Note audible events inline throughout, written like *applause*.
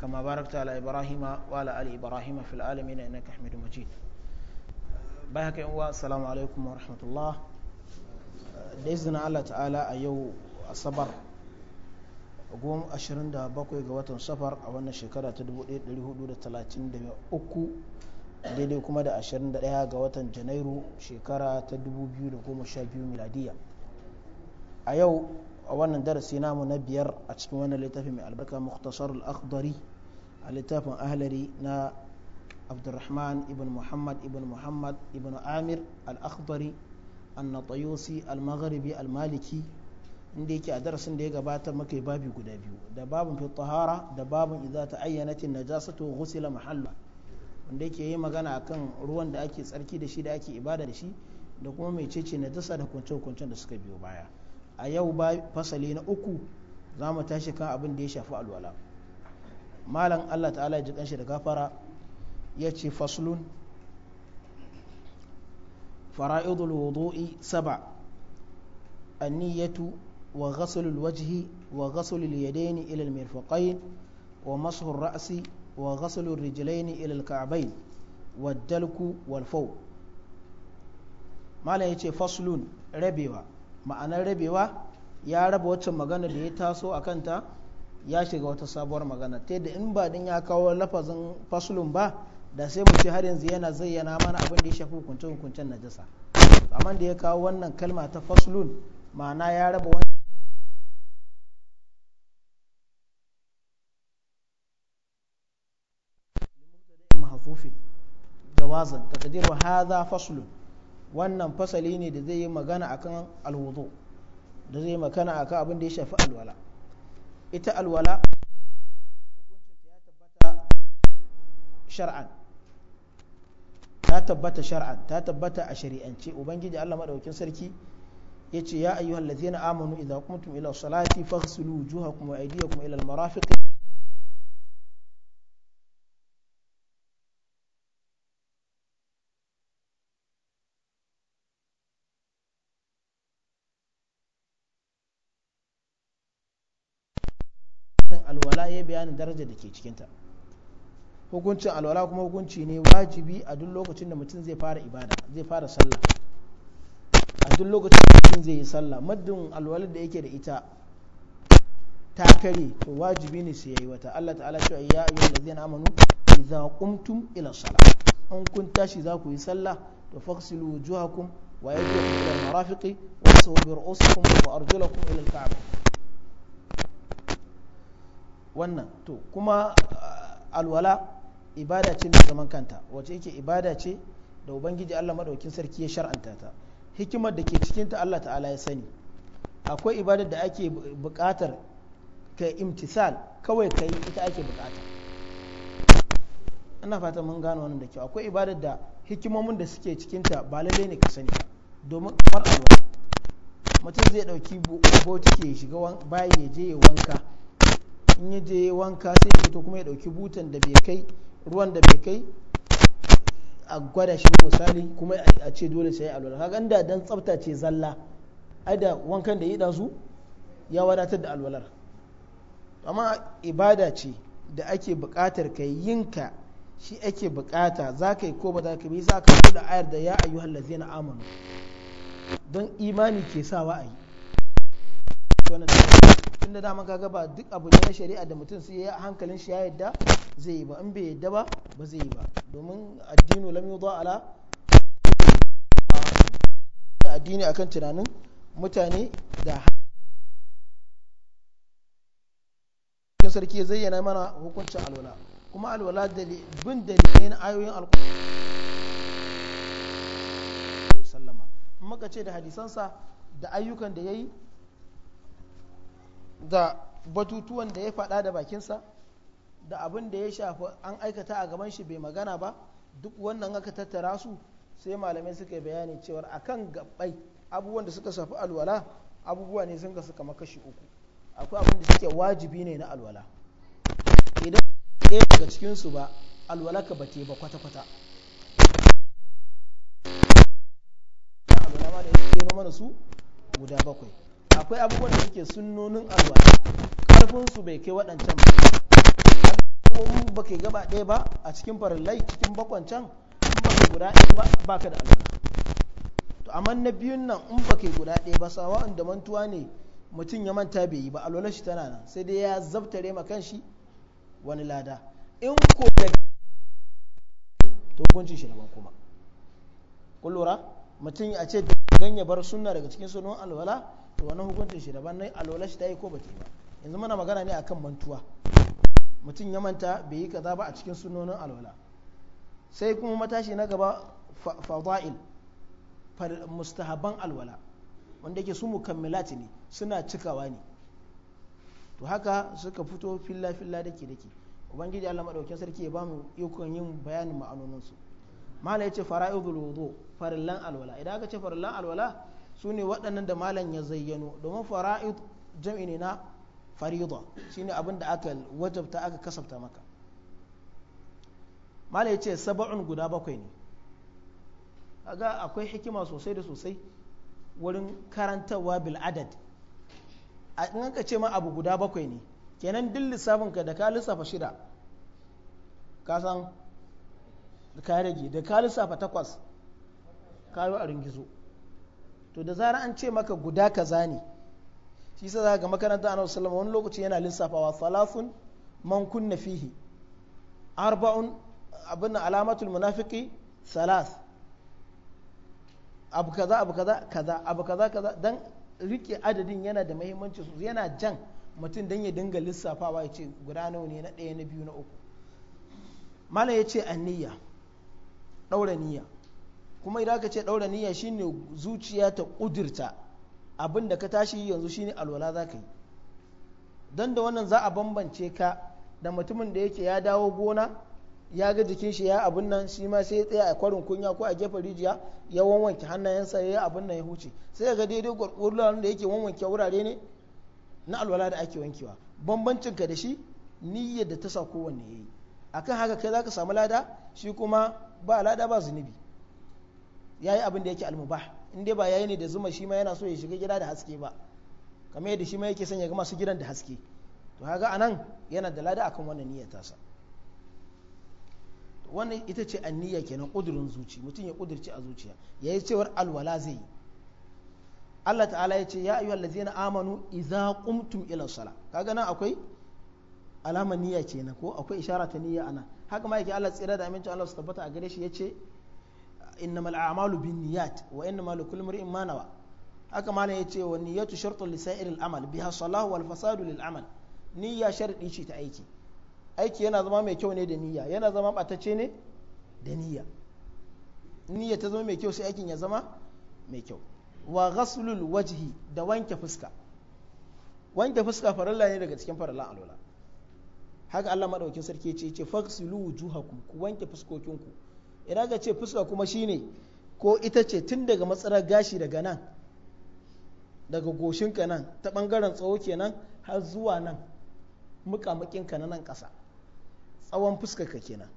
كما باركت على إبراهيم وعلى filalami إبراهيم في العالمين إنك حميد مجيد بحك السلام عليكم ورحمة الله da izinin Allah ta'ala a yau asabar 27 ga watan safar a wannan shekara ta 1433 daidai kuma da 21 ga watan janairu shekara ta 2012 miladiya a yau a wannan darasi namu na biyar a cikin wannan littafin mai albarka muktasar al a littafin ahlari na abdurrahman ibn muhammad ibn muhammad ibn amir al-akhdari annatayusi al-maghribi al-maliki inda yake a darasin da ya gabata maka babi guda biyu da babin fi tahara da babin idza ta'ayyanatin najasatu ghusila mahalla wanda yake yi magana akan ruwan da ake tsarki da shi da ake ibada da shi da kuma mai cece najasa da kwance-kwancen da suka biyo baya a yau ba fasali na uku za mu tashi kan abin da ya shafi alwala malam allah ta'ala ji kanshi da gafara ya ce faslun fara'idul wudu'i saba anniyatu wa ghasulul wajhi wa ghasulul yadaini ila al wa mashu ra'si wa ghasulul rijlaini ila al-ka'bayn wa dalku wal faw malam ce faslun rabewa ma'anar rabewa ya raba waccan magana da ya taso a kanta ya shiga wata sabuwar magana ta da in ba din ya kawo lafazin fasulun ba da sai mu ce har yanzu yana zayyana mana abin da ya shafi hukunce hukuncen najasa amma da ya kawo wannan kalma ta fasulun ma'ana ya raba wani jawazan hadha faslun wannan fasali ne da zai yi magana akan alwudu da zai yi magana akan abin da ya shafi alwala ita alwala ya tabbata shar'an ta tabbata shar'an ta tabbata a shari'ance ubangiji Allah madaukakin sarki yace ya ayyuhallazina amanu idza qumtum ila salati faghsilu wujuhakum wa aydiyakum ila almarafiqi alwala ya bayanin daraja da ke cikinta hukuncin alwala kuma hukunci ne wajibi a duk lokacin da mutum zai fara ibada zai fara sallah a duk lokacin da mutum zai yi sallah maddin alwala da yake da ita ta kare to wajibi ne sai yayi wata Allah ta'ala cewa ya ayyuhal ladzina amanu idza qumtum ila salah an kun tashi za ku yi sallah to faghsilu wujuhakum wa aydiyakum ila al-marafiqi wa bi ru'usikum wa arjulakum ila al-ka'bah wannan to kuma alwala ibada ce mai zaman kanta wace yake ibada ce da ubangiji Allah madaukin sarki ya shar'anta ta hikimar da ke cikin ta Allah ta'ala ya sani akwai ibada da ake buƙatar ka imtisal kawai ka yi ita ake buƙata ina fata mun gano wannan da kyau akwai ibada da hikimomin da suke cikin ta ba lallai ne ka sani ba domin kamar alwala mutum zai ɗauki botiki ya shiga bayan ya je ya wanka in yi je wanka sai ya fito kuma ya ɗauki butan da bai kai ruwan da bai kai a gwada shi misali kuma a ce dole sai lura kaga da dan tsafta ce zalla ai da wankan da ya dazu ya wadatar da alwalar amma ibada ce da ake buƙatar kai yinka shi ake buƙata za ka yi ko ba za ka yi za ka da ayar da ya ayu hallazi na amanu don imani ke sawa wa'ayi. wannan tunda dama kaga ba duk abu ne na shari'a da mutum sai ya hankalin shi ya yadda zai yi ba in bai yadda ba ba zai yi ba domin addinu lam yudha ala addini akan tunanin mutane da ke sarki zayyana mana hukuncin alwala kuma alwala bin dalilai na ayoyin alkur'ani sallama muka ce da hadisansa da ayyukan da yayi da batutuwan da ya faɗa da bakinsa da abin da ya shafi an aikata a gaban shi bai magana ba duk wannan aka tattara su sai malamai suka yi bayani cewar kan gabbai abubuwan da suka shafi alwala abubuwa ne sun gasu kama kashi uku akwai abin da suke wajibi ne na alwala idan ɗaya daga cikinsu ba alwala ka bate ba kwata-kwata alwala da ya mana su guda bakwai akwai abubuwan da suke sunnonin alwala karfin su bai kai waɗancan ba in ba ke gaba ɗaya ba a cikin farillai cikin bakon can in ba kai guda ɗaya ba ba ka da alwala to amma na biyun nan in ba ke guda ɗaya ba sawa inda mantuwa ne mutum ya manta bai yi ba alwala shi tana nan sai dai ya zabtare ma kan shi wani lada in ko da to hukuncin shi daban kuma kullura mutum a ce ganye bar sunna daga cikin sunan alwala to wannan hukuncin shi daban nai alwala shi ta yi ko ba ba yanzu muna magana ne akan mantuwa mutum ya manta bai yi kaza ba a cikin sunonin alwala sai kuma matashi na gaba fada'il mustahaban alwala wanda yake su mukammilati ne suna cikawa ne to haka suka fito filla filla dake dake ubangiji Allah madaukakin sarki ya bamu ikon yin bayanin ma'anonin su mala yace fara'idul wudu farillan alwala idan aka ce farillan alwala su ne waɗannan da malam ya zayyano domin fara'id jam'i ne na farida shine abin da aka wajabta aka kasafta maka malam ya ce saba'un guda bakwai ne kaga akwai hikima sosai da sosai wurin karantarwa bil adad a in aka ce ma abu guda bakwai ne kenan duk lissafin ka da ka lissafa shida ka san ka rage da ka lissafa takwas ka yi a ringizo to da zarar an ce maka guda kaza ne shi sa zaka ga makaranta annabi sallallahu wani lokaci yana lissafawa salafun man kunna fihi arba'un abin alamatul munafiki salas abu kaza abu kaza kaza abu kaza kaza dan rike adadin yana da mahimmanci su. yana jan mutum dan ya dinga lissafawa ya ce guda nawa ne na ɗaya na biyu na uku malam ya ce niyya ɗaura niyya kuma idan ka ce ɗaura niyya shine zuciya ta ƙudurta abin da ka tashi yanzu shine alwala za ka yi don da wannan za a bambance ka da mutumin da yake ya dawo gona ya ga jikin shi ya abin nan shi ma sai ya tsaya a kwarin kunya ko a gefen rijiya ya wanwanke hannayensa ya yi abin nan ya huce sai ga daidai gwargwaron da yake wanwanke wurare ne na alwala da ake wankewa bambancin ka da shi niyyar da ta sa kowanne ya yayi akan haka kai za ka samu lada shi kuma ba lada ba zunubi yayi abin da yake almubah in dai ba ya yi ne da zuma shi ma yana so ya shiga gida da haske ba kamar yadda shi ma yake son ya ga masu gidan da haske to haga anan yana da lada akan wannan niyyar tasa wannan ita ce anniya kenan kudurin zuci mutum ya kudurci a zuciya yayi cewar alwala zai yi Allah ta'ala ya ce ya ayyuhal na amanu idza qumtum ila sala kaga nan akwai alamar niyya kenan ko akwai ishara ta niyya ana haka ma yake Allah tsira da amincin Allah su tabbata a gare shi ce. innamal a'malu binniyat wa innamal likulli imrin ma nawa haka malam yace wa niyyatu shartun li sa'iril amal biha salahu wal fasadu lil amal niyya sharadi ce ta aiki aiki yana zama mai kyau ne da niyya yana zama batacce ne da niyya niyya ta zama mai kyau sai aikin ya zama mai kyau wa ghaslul wajhi da wanke fuska wanke fuska farilla ne daga cikin farallan alwala haka Allah madaukakin sarki ce ce fagsilu wujuhakum ku wanke fuskokinku idan ka ce fuska kuma shine ko ita ce tun daga matsalar gashi daga nan daga goshinka nan ta bangaren tsawo kenan har zuwa nan muƙamuƙinka na nan kasa tsawon fuskarka kenan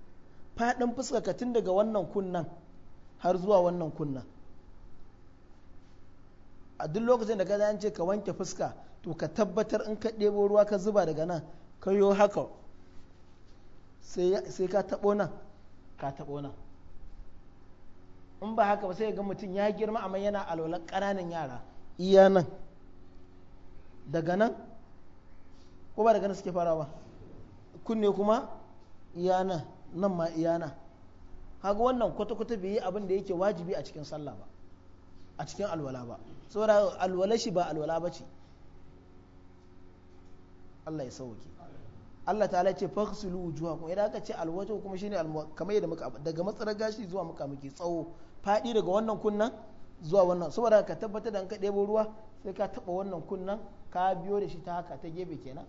faɗin ka tun daga wannan kunnan har zuwa wannan kunnan a duk lokacin da ka an ka wanke fuska to ka tabbatar in ka ɗebo ruwa ka zuba daga nan ka yo haka sai ka taɓo nan ka taɓo nan in ba haka ba sai ga mutum ya girma amma yana alwalar ƙananan yara iya nan daga nan ko ba daga nan suke fara ba kunne kuma iya nan nan ma iya nan haka wannan kwata-kwata bai yi abin da yake wajibi a cikin sallah ba a cikin alwala ba saboda alwala shi ba alwala ba ce Allah ya sauke Allah ta'ala ce faghsilu wujuhakum idan aka ce alwajo kuma shine kamar yadda muka daga matsarar gashi zuwa muka muke tsawo faɗi daga wannan kunnan zuwa wannan saboda ka tabbatar da an ka ɗebo ruwa sai ka taɓa wannan kunnan ka biyo da shi ta haka ta gefe kenan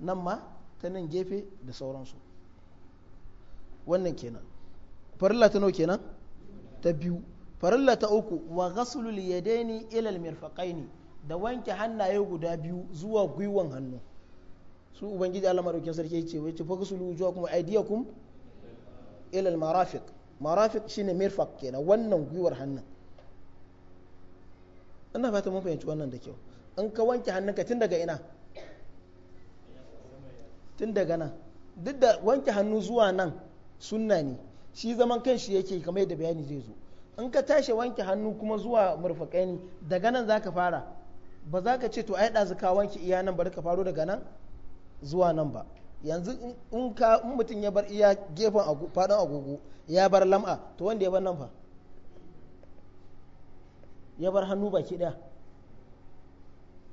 nan ma ta nan gefe da sauransu wannan kenan farilla ta nau kenan ta biyu farilla ta uku wa ghaslul yadaini ila al-mirfaqaini da wanke hannaye guda biyu zuwa gwiwan hannu su ubangiji Allah madaukakin sarki ya ce wai fa ghuslu wujuhakum aydiyakum ila al-marafiq marafiq shine mirfaq kenan wannan gwiwar hannun ina fata mun fahimci wannan da kyau in ka wanke hannunka tun daga ina tun daga nan duk da wanke hannu zuwa nan sunna ne shi zaman kan shi yake kamar yadda bayani zai zo in ka tashi wanke hannu kuma zuwa murfaƙai ne daga nan za ka fara ba za ka ce to ai ɗazu ka wanke iya nan bari ka faro daga nan zuwa nan ba yanzu in ka in mutum ya bar iya gefen faɗin agogo ya bar lam'a to wanda ya bar nan fa ya bar hannu baki daya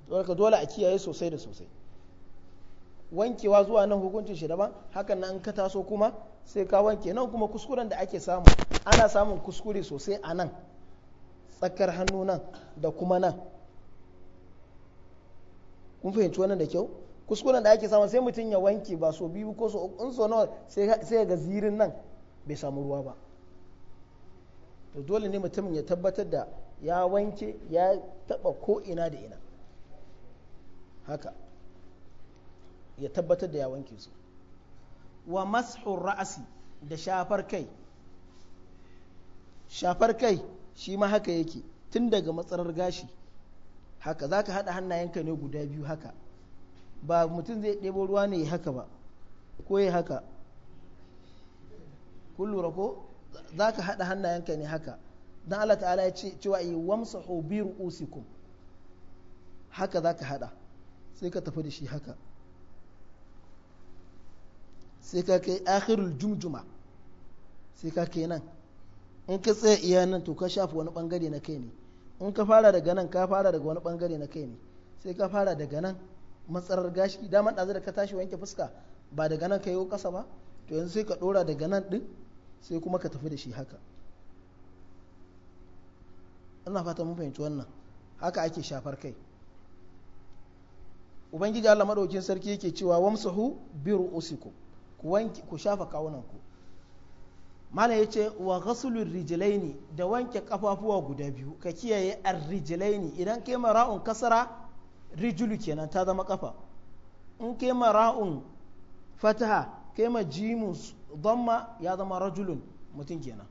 dole a kiyaye sosai da sosai wankewa zuwa nan hukuncin shi daban hakan nan ka taso kuma sai ka wanke nan kuma kuskuren da ake samu ana samun kuskure sosai a nan tsakar hannu nan da kuma nan kun fahimci wannan da kyau kuskuren da ake samu sai mutum ya wanke ba so biyu ko so in so nawa sai ga zirin nan bai samu ruwa ba to dole ne mutumin ya tabbatar da ya wanke ya taba ko ina da ina haka ya tabbatar da ya wanke su wa mashu ra'asi da shafar kai shafar kai shi ma haka yake tun daga matsalar gashi haka za ka haɗa hannayenka ne guda biyu haka ba mutum zai ɗebo ruwa ne haka ba ko ya haka kun lura ko za ka haɗa hannayenka ne haka don Allah ta'ala ya ce cewa yi wamsa obiru ru'usikum haka za ka haɗa sai ka tafi da shi haka sai ka kai akhirul jumjuma sai ka kai nan in ka tsaya iya nan to ka shafi wani bangare na kai ne in ka fara daga nan ka fara daga wani bangare na kai ne sai ka fara daga nan matsarar gashi dama ɗazu da ka tashi wanke fuska ba daga nan ka yi ƙasa ba to yanzu sai ka ɗora daga nan ɗin sai kuma ka tafi da shi haka ina fata mun fahimci wannan haka ake shafar kai ubangiji Allah madaukin sarki yake cewa wamsahu bi ru'usiku ku wanke ku shafa kawunanku malam yace wa ghasulur rijlaini da wanke kafafuwa guda biyu ka kiyaye ar-rijlaini idan kai mara'un kasara rijulu kenan ta zama kafa in kai ma ra'un fataha kai ma jimus zama ya zama rajulun mutum kenan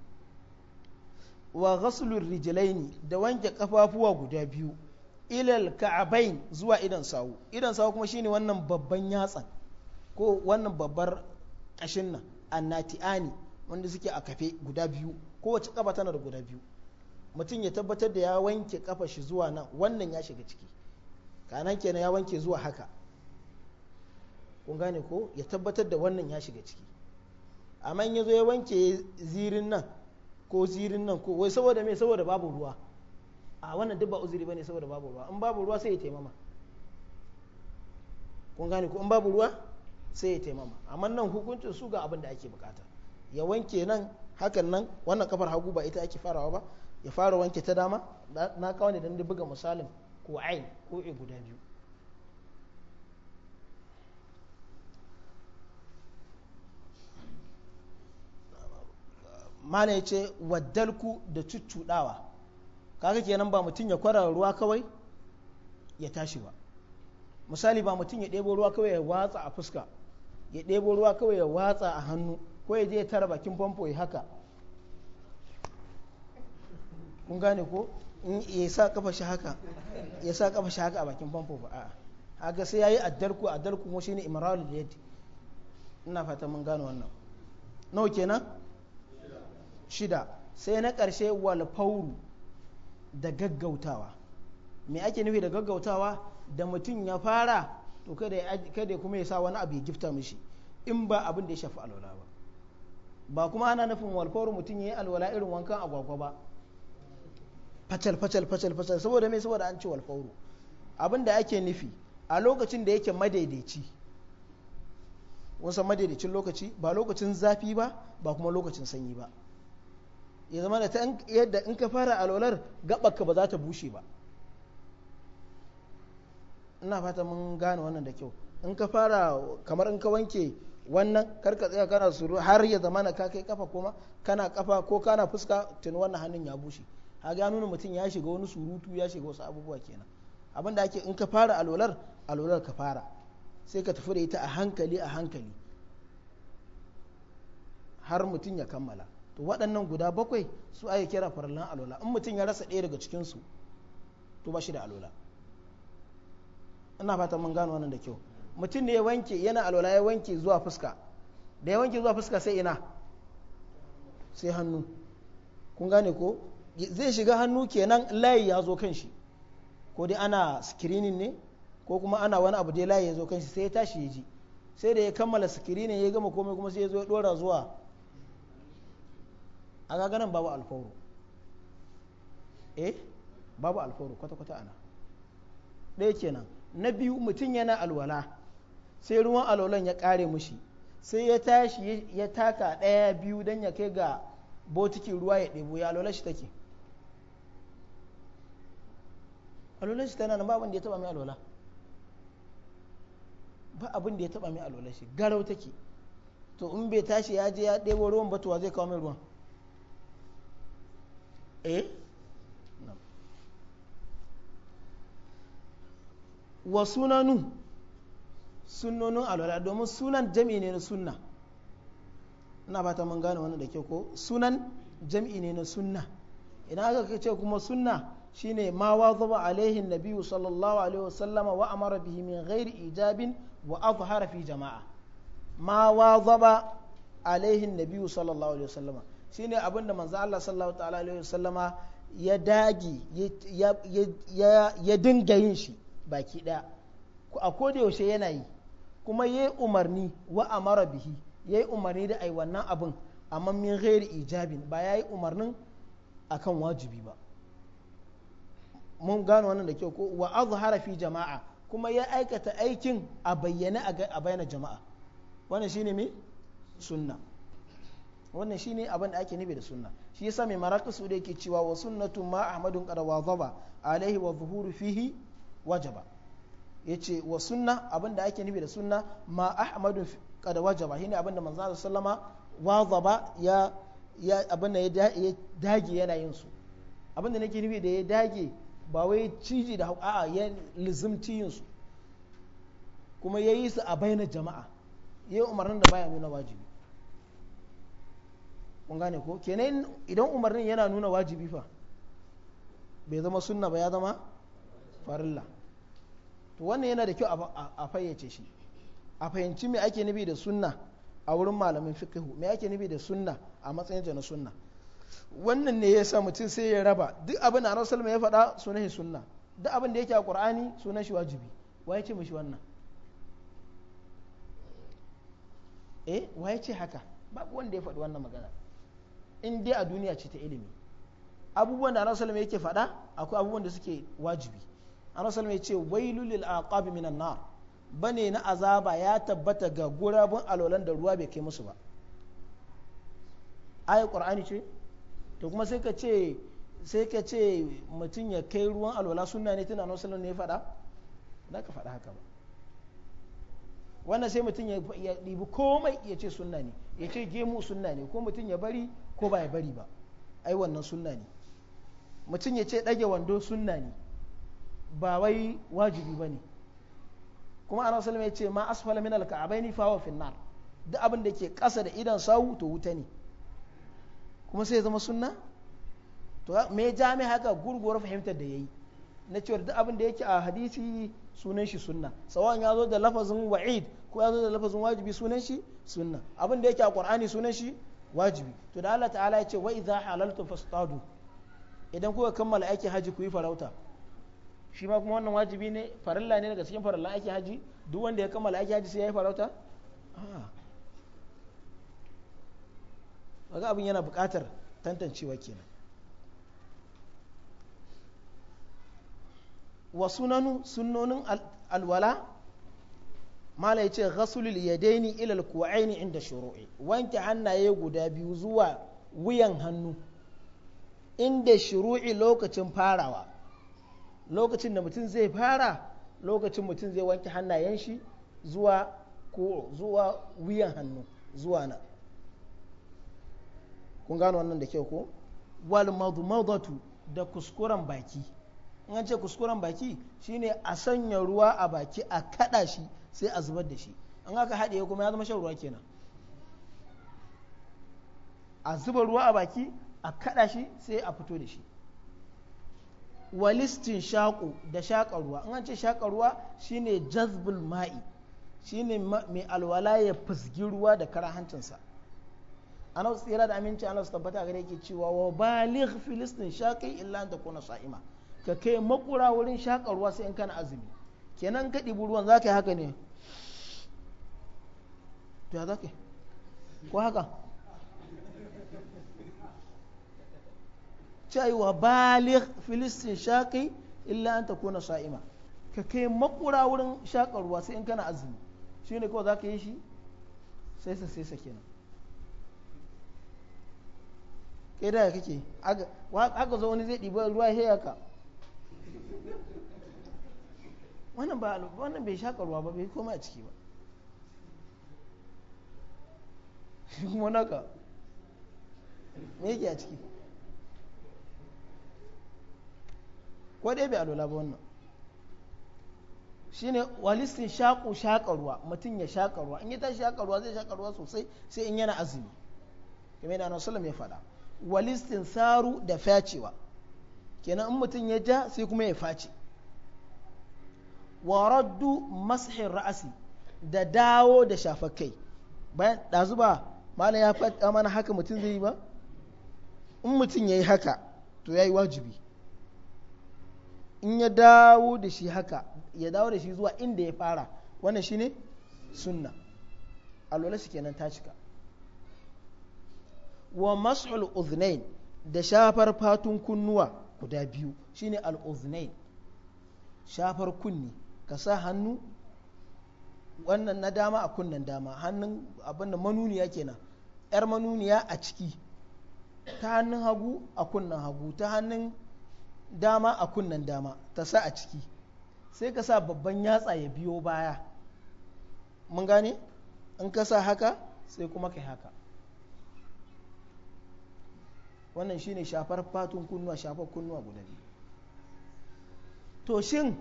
wa ghaslur rijlaini da wanke kafafuwa guda biyu ilal ka'abain zuwa idan sawu idan sawu kuma shine wannan babban yatsan ko wannan babbar kashin nan annati'ani wanda suke a kafe guda biyu kowace kafa tana da guda biyu mutum ya tabbatar da ya wanke kafa shi zuwa nan wannan ya shiga ciki kanan kenan ya wanke zuwa haka kun gane ko ya tabbatar da wannan ya shiga ciki amma in ya zo ya wanke zirin nan ko zirin nan ko wai saboda me saboda babu ruwa a wannan duk ba uzuri bane saboda babu ruwa in babu ruwa sai ya taimama kun gane ko in babu ruwa sai ya taimama amma nan hukuncin su ga abin da ake bukata ya wanke nan hakan nan wannan kafar hagu ba ita ake farawa ba ya fara wanke ta dama na kawai da buga misalin wa ain ko e guda biyu mana ya ce waddalku da cuccuɗawa kaga kenan ba mutum ya kwara ruwa kawai ya tashi ba misali ba mutum ya ɗebo ruwa kawai ya watsa a fuska ya ɗebo ruwa kawai ya watsa a hannu ko ya je ya tara bakin famfo ya haka kun gane ko ya sa kafa shi haka ya sa haka a bakin famfo ba a'a haka sai yayi addarku addarku mu shine imralul yad ina fata mun gano wannan nawa kenan shida sai na karshe walfauru da gaggautawa me ake nufi da gaggautawa da mutum ya fara to kada kada kuma ya sa wani abu ya gifta mishi in ba abin da ya shafi alwala ba ba kuma ana nufin walfauru mutum ya yi alwala irin wankan agwagwa ba facal facal facal facal saboda me saboda an ce wal fawru abin da ake nufi a lokacin da yake madaidaici wasan madaidaicin lokaci ba lokacin zafi ba ba kuma lokacin sanyi ba ya zama da ta yadda in ka fara alwalar gaɓaka ba za ta bushe ba ina fata mun gane wannan da kyau in ka fara kamar in ka wanke wannan karka tsaya kana suru har ya zama na ka kai kafa kuma kana kafa ko kana fuska tun wannan hannun ya bushe ha ga nuna mutum ya shiga wani surutu ya shiga wasu abubuwa kenan abin da ake in ka fara alolar alolar ka fara sai ka tafi da ita a hankali a hankali har mutum ya kammala to waɗannan guda bakwai su ake kira farlan alola, in mutum ya rasa ɗaya daga cikinsu to ba shi da alola, ina fata mun gano wannan da kyau mutum ne ya wanke yana alola ya wanke zuwa fuska da ya wanke zuwa fuska sai ina sai hannu kun gane ko zai shiga hannu kenan layi ya zo kan shi ko dai ana screening ne ko kuma ana wani abu dai layi ya zo kan shi sai ya tashi ya ji sai da ya kammala screening ya gama komai kuma sai ya zo ya dora zuwa a gaganan babu alfawar eh babu alfawar kwata-kwata ana ɗaya kenan na biyu mutum yana alwala sai ruwan alwalan ya ƙare mushi sai ya tashi ya taka ɗaya biyu don ya kai ga botikin ruwa ya ɗebo ya alwala shi take alwalar shi tana nan ba abin da ya taba mai alwala ba abin da ya taba mai alwalar shi garau take to in bai tashi ya je ya ɗebo ruwan ba batuwa zai kawo mai ruwan eh wa sunanu sunonin alwala domin sunan jam'i ne na sunna ina ba ta mun gane wannan da ke ko sunan jam'i ne na sunna idan aka ce kuma sunna shine ma zuba alaihi nabi sallallahu alaihi wasallam wa amara bihi min ghairi ijabin wa azhara fi jama'a ma zuba alaihi nabi sallallahu alaihi wasallam shine abin da manzo Allah sallallahu ta'ala alaihi wasallam ya dagi ya dinga yin shi baki daya a koda yaushe yana yi kuma yayi umarni wa amara bihi yayi umarni da ai wannan abin amma min ghairi ijabin ba yayi umarnin akan wajibi ba mun gano wannan da kyau ko wa azhara fi jama'a kuma ya aikata aikin a bayyane a bayyana jama'a wannan shine me sunna wannan shine abin da ake nufi da sunna shi yasa mai maraqisu da yake cewa wa sunnatu ma ahmadun qad zaba alaihi wa zuhuru fihi wajaba yace wa sunna abin da ake nufi da sunna ma ahmadun qad wajaba shine abin da manzo sallama zaba ya ya abin da ya dage yana yin su abin da nake nufi da ya dage ba wai ciji da a ya lizimci yin su kuma ya yi su a bayanar jama'a ya yi umarnin da baya nuna wajibi kun gane ko kenan idan umarnin yana nuna wajibi fa bai zama sunna ba ya zama farilla to wannan yana da kyau a fayyace shi a fahimci me ake nufi da sunna a wurin malamin fiqhu me ake nufi da sunna a matsayin jana sunna wannan ne ya sa mutum sai ya raba duk abin da rasul ya faɗa sunan shi sunna duk abin da yake a qur'ani sunan shi wajibi wa ya ce mishi wannan eh wa ya ce haka babu wanda ya faɗi wannan magana in dai a duniya ce ta ilimi abubuwan da rasul yake faɗa akwai abubuwan da suke wajibi rasul ya ce wailul lil aqabi minan nar bane na azaba ya tabbata ga gurabun alolan da ruwa bai kai musu ba ayi qur'ani ce to kuma sai ka ce sai ka ce mutum ya kai ruwan alwala sunna ne tana nan ne ya faɗa ka faɗa haka ba wannan sai mutum ya ɗibi komai ya ce sunna ne ya ce gemu sunna ne ko mutum ya bari ko ba ya bari ba ai wannan sunna ne mutum ya ce ɗage wando sunna ne ba wai wajibi ba ne kuma ana salama ya ce ma asfala min alka'abai ni fawa finnar duk abin da ke ƙasa da idan sawu to wuta ne kuma sai ya zama sunna to me jami haka gurguwar fahimtar da yayi na cewa duk abin da yake a hadisi sunan shi sunna sawan ya zo da lafazin wa'id ko ya zo da lafazin wajibi sunan shi sunna abin da yake a qur'ani sunan shi wajibi to da Allah ta'ala ya ce wa idza halaltum fastadu idan kuka kammala aikin haji ku yi farauta shi ma kuma wannan wajibi ne farilla ne daga cikin farilla aikin haji duk wanda ya kammala aiki haji sai ya yi farauta kaga abin yana buƙatar tantancewa kenan wa sunanu sunnonin alwala mala yace ghasulul yadaini ila alkuwaini inda shuru'i wanke hannaye guda biyu zuwa wuyan hannu inda shuru'i lokacin farawa lokacin da mutum zai fara lokacin mutum zai wanke hannayen shi zuwa ko zuwa wuyan hannu zuwa nan kun gano wannan da kyau ko wal madmadatu da kuskuren baki in an ce kuskuren baki shine a sanya ruwa a baki a kada shi sai a zubar da shi an aka haɗe kuma ya zama shan ruwa kenan a zuba ruwa a baki a kada shi sai a fito da shi walistin shaƙo da shaƙa ruwa in an ce shaƙa ruwa shine jazbul ma'i shine mai alwala ya fusgi ruwa da kara hancinsa ana tsira da aminci ana su tabbata gare yake cewa wa baligh filistin shaqi illa an takuna sa'ima ka kai makura wurin shaƙar ruwa sai in kana azumi kenan ka ɗibi ruwan za ka yi haka ne to ya za ka ko haka wa baligh filistin shaqi illa an takuna sa'ima ka kai makura wurin shaƙar ruwa sai in kana azumi shine kawai za ka yi shi sai sa sai sa kenan kai da kake aka zo wani zai ɗiba ruwa ya ka wannan ba wannan bai shaƙa ruwa ba bai koma a ciki ba *laughs* kuma naka me yake a ciki ko dai bai alola ba wannan shine walistin shaƙo shaƙa ruwa mutum ya shaƙa ruwa in ya tashi shaƙa ruwa zai shaƙa ruwa sosai sai in yana azumi kamar yana sallam ya faɗa walistin saru da facewa kenan in mutum ya ja sai kuma ya face wa raddu mashin ra'asi da dawo da shafakai bayan ɗazu ba mana ya faɗa mana haka mutum zai yi ba in mutum ya yi haka to ya yi wajibi in ya dawo da shi haka ya dawo da shi zuwa inda ya fara wannan shine sunna alwala shi kenan ta cika wa mashul uznain da shafar fatun kunnuwa guda biyu shine al uznain shafar kunni ka sa hannu wannan na dama a kunnen dama hannun abin manuniya kenan yar manuniya a ciki ta hannun hagu a kunnen hagu ta hannun dama a kunnen dama ta sa a ciki sai ka sa babban yatsa ya biyo baya mun gane in ka sa haka sai kuma kai haka wannan shine shafar fatun kunnuwa shafar kunnuwa guda biyu to shin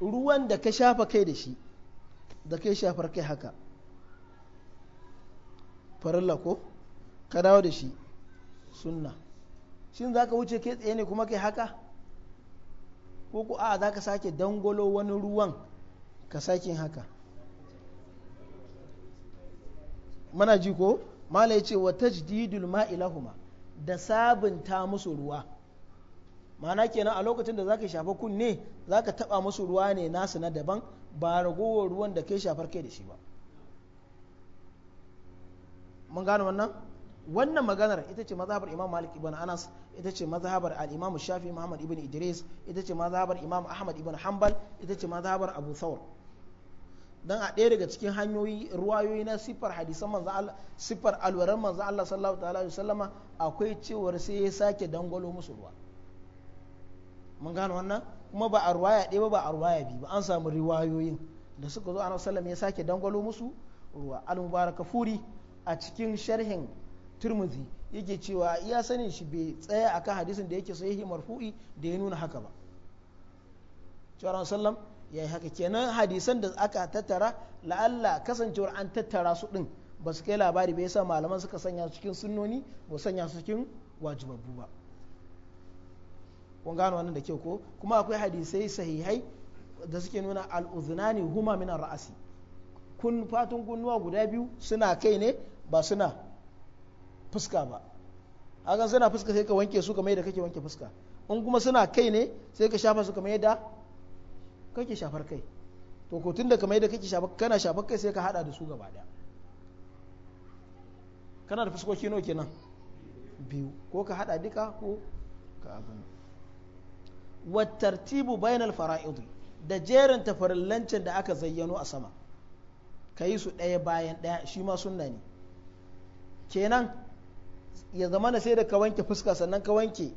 ruwan da ka shafa kai da shi da kai shafar kai haka farilla ko ka dawo da shi sunna shin za ka wuce kai tsaye ne kuma kai haka ko ku a za ka sake dangolo wani ruwan ka sake haka mana ji ko mala ya ce wa tajdidul ma'ilahuma da sabunta musu ruwa ma'ana kenan a lokacin da zaka shafa kunne zaka taba musu ruwa ne nasu na daban ba ragowar ruwan da kai shafar kai da shi ba mun gano wannan wannan maganar ita ce mazhabar imam malik ibn anas ita ce mazhabar al-imam shafi muhammad ibn idris ita ce mazhabar imam ahmad ibn hanbal ita ce mazhabar abu thawr dan a ɗaya daga cikin hanyoyi ruwayoyi na siffar hadisan manzo Allah siffar alwaran manzo Allah sallallahu ta'ala alaihi sallama akwai cewar sai ya sake dangwalo musu ruwa mun gano wannan kuma ba a ruwaya ɗaya ba a ruwaya biyu ba an samu riwayoyin da suka zo annabi sallallahu ya sake dangwalo musu ruwa al Furi a cikin sharhin turmuzi yake cewa iya sanin shi bai tsaya akan hadisin da yake sahihi marfu'i da ya nuna haka ba cewa sallam ya yi haka kenan hadisan da aka tattara la'alla kasancewar an tattara su ɗin ba su kai labari bai sa malaman suka sanya su cikin sunnoni ba sanya su cikin wajibabbu ba kun gano wannan da kyau ko kuma akwai hadisai sahihai da suke nuna al'uzunani huma minan ra'asi kun fatun kunnuwa guda biyu suna kai ne ba suna fuska ba hakan suna fuska sai ka wanke su kamar yadda kake wanke fuska in kuma suna kai ne sai ka shafa su kamar yadda kake shafar kai to ko tunda kamar yadda kake shafar kana shafar kai sai ka hada da su gaba daya kana da fuskoki nawa kenan biyu ko ka hada duka ko ka abin wa tartibu bainal fara'id da jerin tafarin da aka zayyano a sama ka yi su ɗaya bayan ɗaya shi ma sunna ne kenan ya zama na sai da ka wanke fuska sannan ka wanke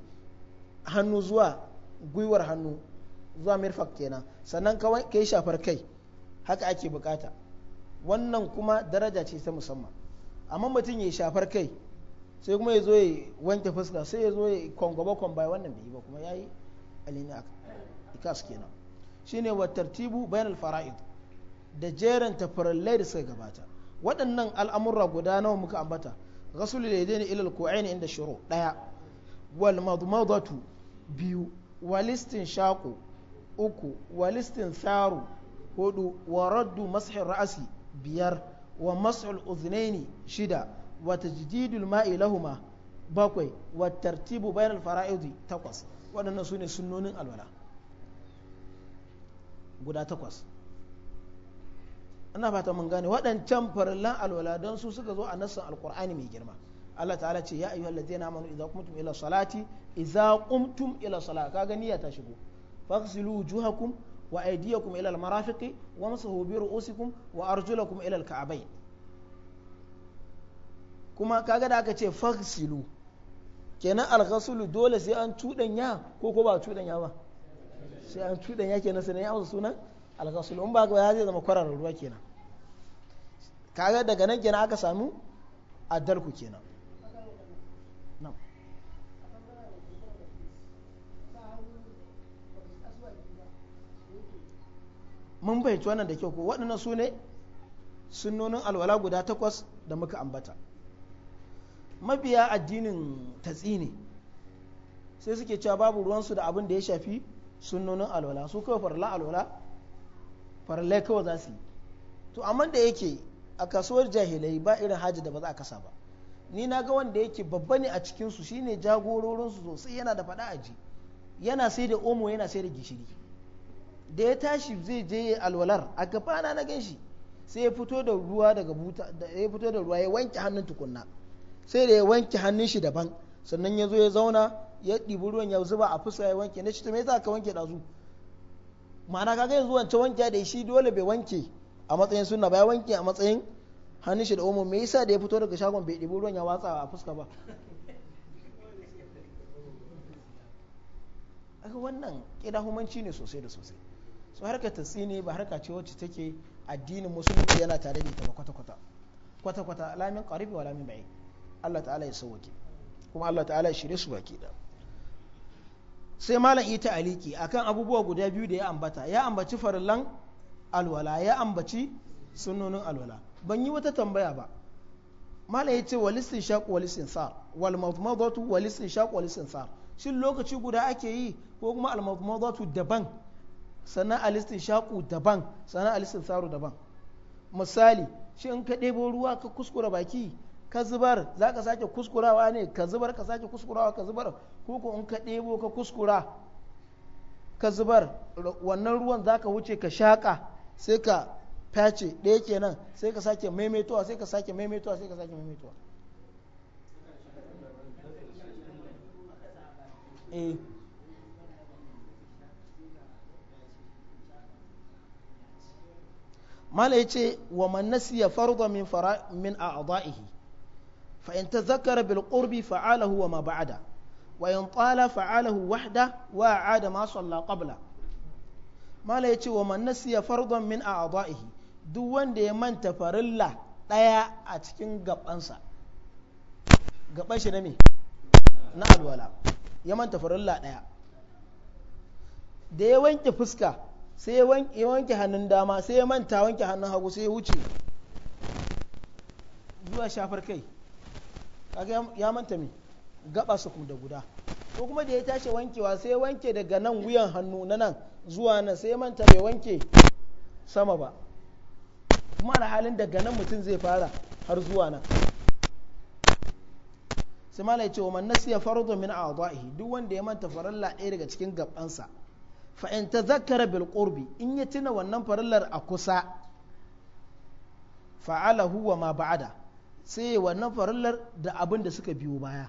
hannu zuwa gwiwar hannu zuwa mirfak kenan sannan kawai ka yi shafar kai haka ake bukata wannan kuma daraja ce ta musamman amma mutum ya shafar kai sai kuma ya zo ya wanke fuska sai ya zo ya kwangwaba kwambaya wannan bai yi ba kuma ya yi alini a ikas kenan shine wa tartibu bayan alfara'id da jeran tafarallai da suka gabata waɗannan al'amurra guda nawa muka ambata rasulul yadaini ilal ku'aini inda shuru ɗaya wal madmadatu biyu walistin shaƙo uku listin tsaro hudu wa raddu mashin ra'asi biyar wa mas'ul uznaini shida wa ta ma'i lahuma bakwai wa tartibu bayan fara'idi takwas waɗannan su ne sunonin alwala guda takwas ina fata mun gane waɗancan farillan alwala don su suka zo a nassan alkur'ani mai girma Allah ta'ala ce ya ayyuhal ladzina amanu idza qumtum ila salati idza qumtum ila salati kaga niyya ta shigo faghsilu wujuhakum wa aydiyakum ila marafiki wa wamsahu bi ru'usikum wa arjulakum ila al-ka'bayn kuma kaga da aka ce faghsilu kenan al dole sai an tudanya ko ko ba tudanya ba sai an tudanya kenan sai ya amsa sunan al-ghaslu in ba ya zai zama kwarar kenan kaga daga nan kenan aka samu addalku kenan mun fahimci wannan da kyau ko waɗannan su ne sunonin alwala guda takwas da muka ambata mabiya addinin tatsini sai suke cewa babu ruwansu da abin da ya shafi sunonin alwala su kawai farla alwala farlai kawai za su yi to amma da yake a kasuwar jahilai ba irin haji da ba za a kasa ba ni na ga wanda yake babba ne a cikinsu shine jagororinsu sosai yana da faɗa aji yana sai da omo yana sai da gishiri da ya tashi zai je ya alwalar a kafana na gan shi sai ya fito da ruwa daga buta da ya fito da ruwa ya wanke hannun tukunna sai da ya wanke hannun shi daban sannan ya zo ya zauna ya ɗibi ruwan ya zuba a fuska ya wanke na shi to me yasa ka wanke ɗazu ma'ana ga yanzu wancan wanke da shi dole bai wanke a matsayin sunna ba ya wanke a matsayin hannun shi da omo me yasa da ya fito daga shagon bai ɗibi ruwan ya watsa a fuska ba aka wannan ƙidahumanci ne sosai da sosai so harkar tsini ba harka ce wacce take addinin musulunci yana tare da ita ba kwata-kwata kwata-kwata lamin karibi wa lamin ba'id Allah ta'ala ya sauke kuma Allah ta'ala ya shirye su baki da sai malam ita aliki akan abubuwa guda biyu da ya ambata ya ambaci farillan alwala ya ambaci sunnonin alwala ban yi wata tambaya ba malam ya ce walisin shaƙ walisin sa wal mafmadatu walisin shaƙ walisin sa. shin lokaci guda ake yi ko kuma al mafmadatu daban sannan listin shaƙu daban sannan listin tsaro daban misali shi in ka ɗebo ruwa ka kuskura baki ka zubar za ka sake kuskurawa ne ka zubar ka sake kuskurawa ka zubar ko ko in ka ɗebo ka kuskura ka zubar wannan ruwan za ka wuce ka shaƙa sai ka face ɗaya kenan sai ka sake maimaitowa sai ka sake maimaitowa sai ka sake maimaitowa eh mala yace wa man nasiya farda min fara min a'dha'ihi fa in tazakkara bil qurbi fa'alahu wa ma ba'da wa in tala fa'alahu wahda wa a'ada ma salla qabla mala yace wa man nasiya fardan min a'dha'ihi duk wanda ya manta farilla daya a cikin gabansa gaban shi na me na alwala ya manta farilla daya da ya wanke fuska sai ya wanke hannun dama sai ya manta wanke hannun hagu sai ya wuce zuwa shafar kai kaga ya manta mai gaba su da guda ko kuma da ya tashi wankewa sai ya wanke daga nan wuyan hannu na nan zuwa nan sai ya manta bai wanke sama ba kuma da halin daga nan mutum zai fara har zuwa nan sai malai ce wa man nasiya fardu min a'dahi duk wanda ya manta faralla ɗaya daga cikin gabansa fa’in ta zakara bil in ya tuna wannan farillar a kusa fa'alahu wa ma ba'ada sai wannan farillar da abin da suka biyo baya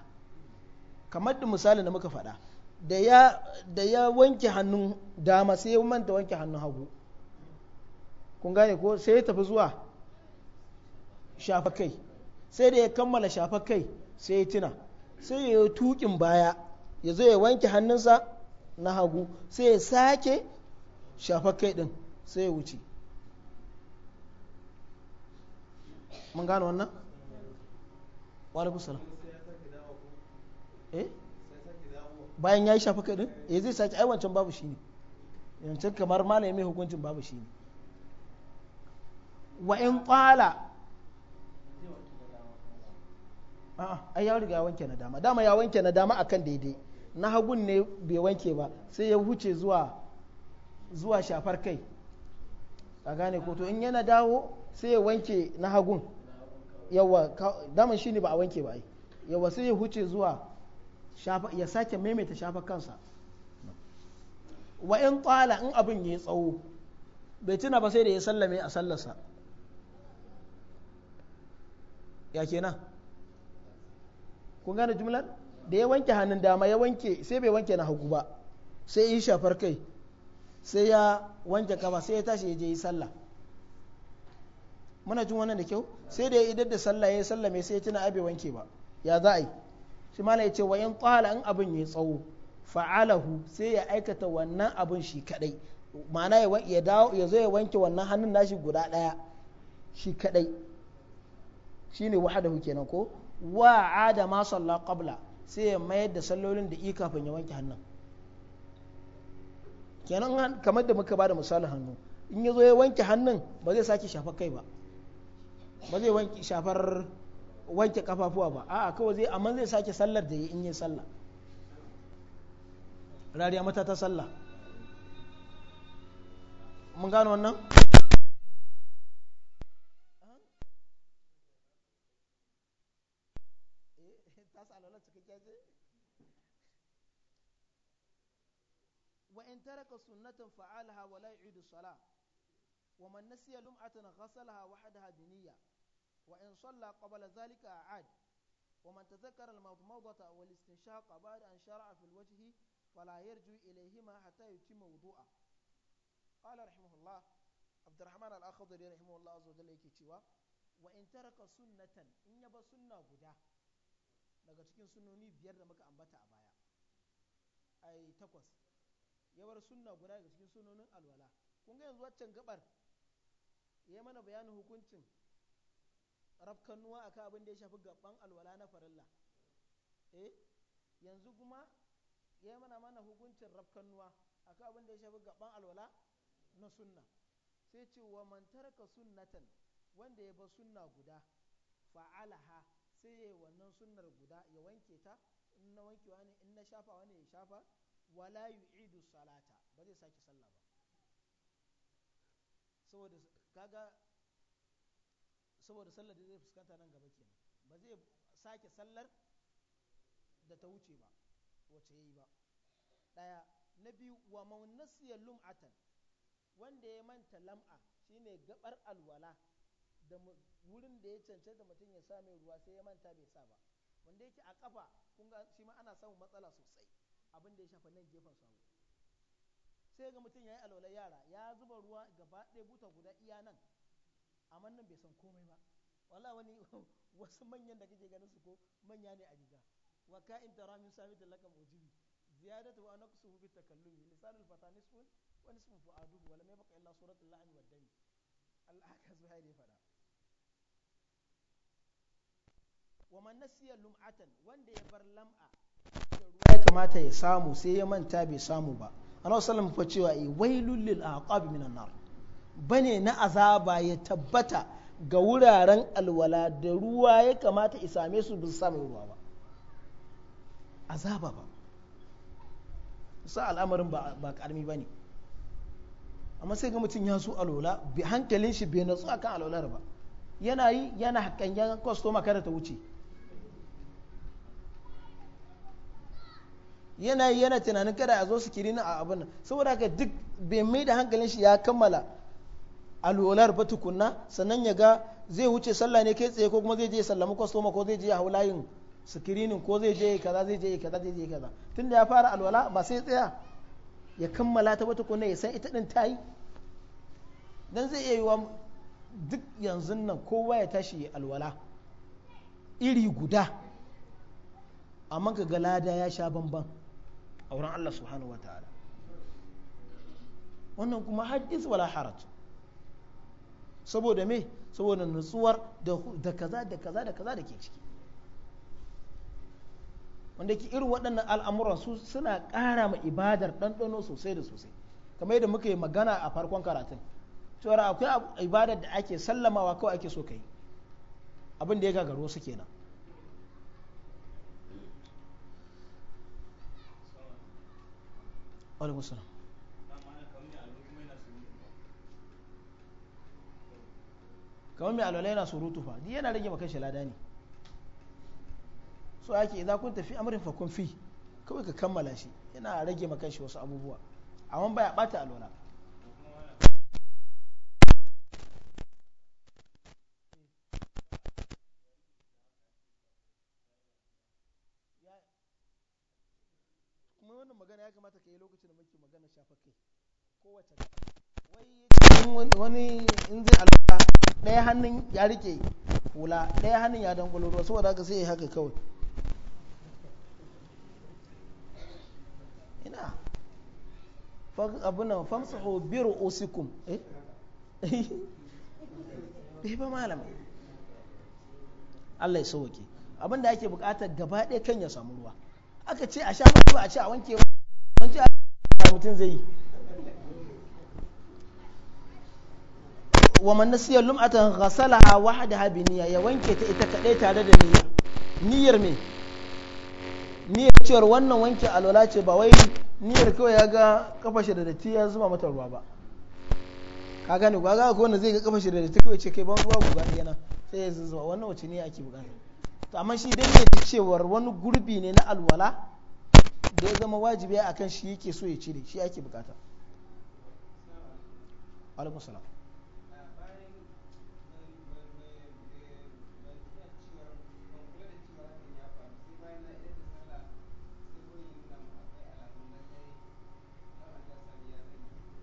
kamar da misali da muka faɗa da ya wanke hannun dama sai ya manta wanke hannun hagu kun gane ko sai ya tafi zuwa shafa kai sai da ya kammala shafa kai sai ya tuna sai ya yi tukin baya ya zo ya wanke hannunsa na hagu sai ya sake shafa kai din sai ya wuce mun gano wannan walaikun salam eh bayan ya yi shafa kai din ya eh, zai sake aiwancan babu shi ne yancin kamar malaye mai hukuncin babu shi ne wa in tsala a ya riga wanke na dama dama ya wanke na dama akan daidai na hagun ne bai wanke ba sai ya huce zuwa zuwa shafar kai a gane ko to in yana dawo sai ya wanke na hagun yawa daman shi ne ba a wanke ba yawa sai ya huce zuwa ya sake maimaita shafar kansa wa in tsala in abin ya yi tsawo bai tuna ba sai da ya sallame a sallarsa ya kenan kun gane jumlar? da ya wanke hannun dama ya wanke sai bai wanke na hagu ba sai yi shafar kai sai ya wanke kafa sai ya tashi ya je yi sallah muna jin wannan da kyau sai da ya idar da sallah ya yi sallah mai sai ya tuna abe wanke ba ya za a yi shi mala ya ce wa in tsala in abin ya tsawo fa'alahu sai ya aikata wannan abin shi kadai ma'ana ya dawo ya zo ya wanke wannan hannun nashi guda daya shi kadai shine wahadahu kenan ko wa ada ma sallah qabla sai ya mayar da sallolin da i kafin ya wanke hannun kenan kamar da muka bada misalin hannu in ya zo ya wanke hannun ba zai sake shafar kai ba ba zai shafar wanke kafafuwa ba a'a kawai zai amma zai sake sallar da ya in yi sallah rariya mata ta sallah mun gano wannan taraka sunnatan fa'alaha wa la yu'idu salah wa man nasiya lum'atan ghasalaha wahdaha biniyya wa in salla qabla zalika a'ad wa man tadhakkara al-madmadata wal istinshaqa ba'da an shara'a fil wajhi fala yarju ilayhima hatta yutimma wudu'a qala rahimahullah abdurrahman al-akhdari rahimahullah azza wa yake cewa wa in taraka sunnatan in ya ba sunna guda daga cikin sunnoni biyar da muka ambata a baya ai takwas ya sunna guda daga cikin sunonin alwala kun ga yanzu waccan gabar ya mana bayanin hukuncin rafkannuwa akan abin da ya shafi gaban alwala na farilla eh yanzu kuma ya mana mana hukuncin rafkannuwa akan abin da ya shafi gaban alwala na sunna sai ce wa man taraka sunnatan wanda ya ba sunna guda fa'alaha sai ya yi wannan sunnar guda ya wanke ta in na wankewa ne in na shafa wani ya shafa wala yu'idu salata ba zai sake sallah ba saboda kaga saboda sallar da zai fuskanta nan gaba kenan ba zai sake sallar da ta wuce ba wace yayi ba ɗaya na biyu wa man lum'atan wanda ya manta lam'a shine gabar alwala da wurin da ya cancanta mutum ya sa mai ruwa sai ya manta bai sa ba wanda yake a kafa kun ga shi ma ana samun matsala sosai abin da ya shafa nan gefen sa sai ga mutum ya yi alwala yara ya zuba ruwa gaba ɗaya buta guda iya nan amma nan bai san komai ba wala wani *laughs* wasu manyan da kake ganin su ko manya ne a riga wa ka in tara min sami talaka mujibi ziyadatu wa naqsu bi takallumi lisanul fata wa nisfun fuaduhu wala mai yabqa illa suratul la'ani wa dami Allah haka *laughs* ya fada wa man nasiya lum'atan wanda ya bar lam'a ruwa ya kamata ya samu sai ya manta bai samu ba annabi sallallahu fa cewa e a lil aqab minan nar bane na azaba ya tabbata ga wuraren alwala da ruwa ya kamata ya same su bisa samu ruwa ba azaba ba sa al'amarin ba karmi ba ne amma sai ga mutum ya so hankalin shi bai natsu akan alwalar ba yana yi yana hakan ya kwastoma kada ta wuce Yanayi yana tunanin kada a zo su kiri a abin nan saboda haka duk bai mai da hankalin shi ya kammala alwalar ba tukunna sannan ya ga zai wuce sallah ne kai tsaye ko kuma zai je sallama kwastoma ko zai je hau layin sikirinin ko zai je kaza zai je kaza zai je kaza tunda ya fara alwala ba sai tsaya ya kammala ta ba tukunna ya san ita din ta yi dan zai iya yiwa duk yanzu nan kowa ya tashi alwala iri guda amma ka ga lada ya sha bamban a wurin Allah subhanahu wataala wannan kuma haddis wala haraj saboda me saboda nutsuwar da kaza da kaza da kaza da ke ciki wanda ke irin waɗannan al'amuran su suna ƙara ma ibadar ɗanɗano sosai da sosai kamar yadda muka yi magana a farkon karatun cewar akwai ibadar da ake sallamawa kawai ake so ka yi abin da ya gagaro su kenan kamar mai alwala yana surutu fa ni yana rage maka shalada lada ne so ake idan kun tafi amurin fa fi kawai ka kammala shi yana rage maka wasu abubuwa amma baya bata alwala ya kamata ka yi lokacin da muke magana shafa kai kowace wai wani in zai alwala ɗaya hannun ya rike hula ɗaya hannun ya dankwalo ruwa saboda haka sai ya haka kawai ina abunan famsahu biro osikum eh *laughs* bai ba malama Allah ya sauke abinda ake bukatar gaba ɗaya kan ya samu ruwa aka ce a sha ba a ce a wanke wancan a mutum zai yi wa man nasiya lum'atan ghasalaha wahdaha bi niyya ya wanke ta ita kadai tare da niyya niyyar me niyyar cewar wannan wanke alwala ce ba wai niyyar kawai ya ga kafa shi da datti ya zuba mata ruwa ba ka gane ba ga ko wanda zai ga kafa shi da datti kawai ce kai ban ruwa guga ɗaya yana sai ya zuba wannan wace niyya ake bukata to amma shi dai ne cewar wani gurbi ne na alwala da ya zama wajibi a kan shi yake so ya cire shi ake bukata alaikum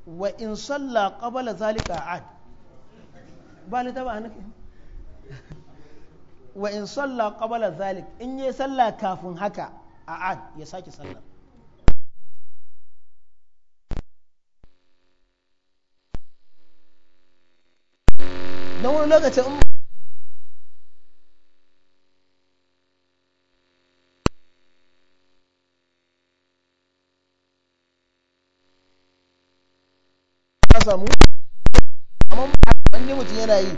wa in salla qabala zalika ad ba ni taba hannun wa in salla qabala zalik in yi salla kafin haka a'ad ya sake sallar na wani lokacin in samu amma an yi mutum yana yi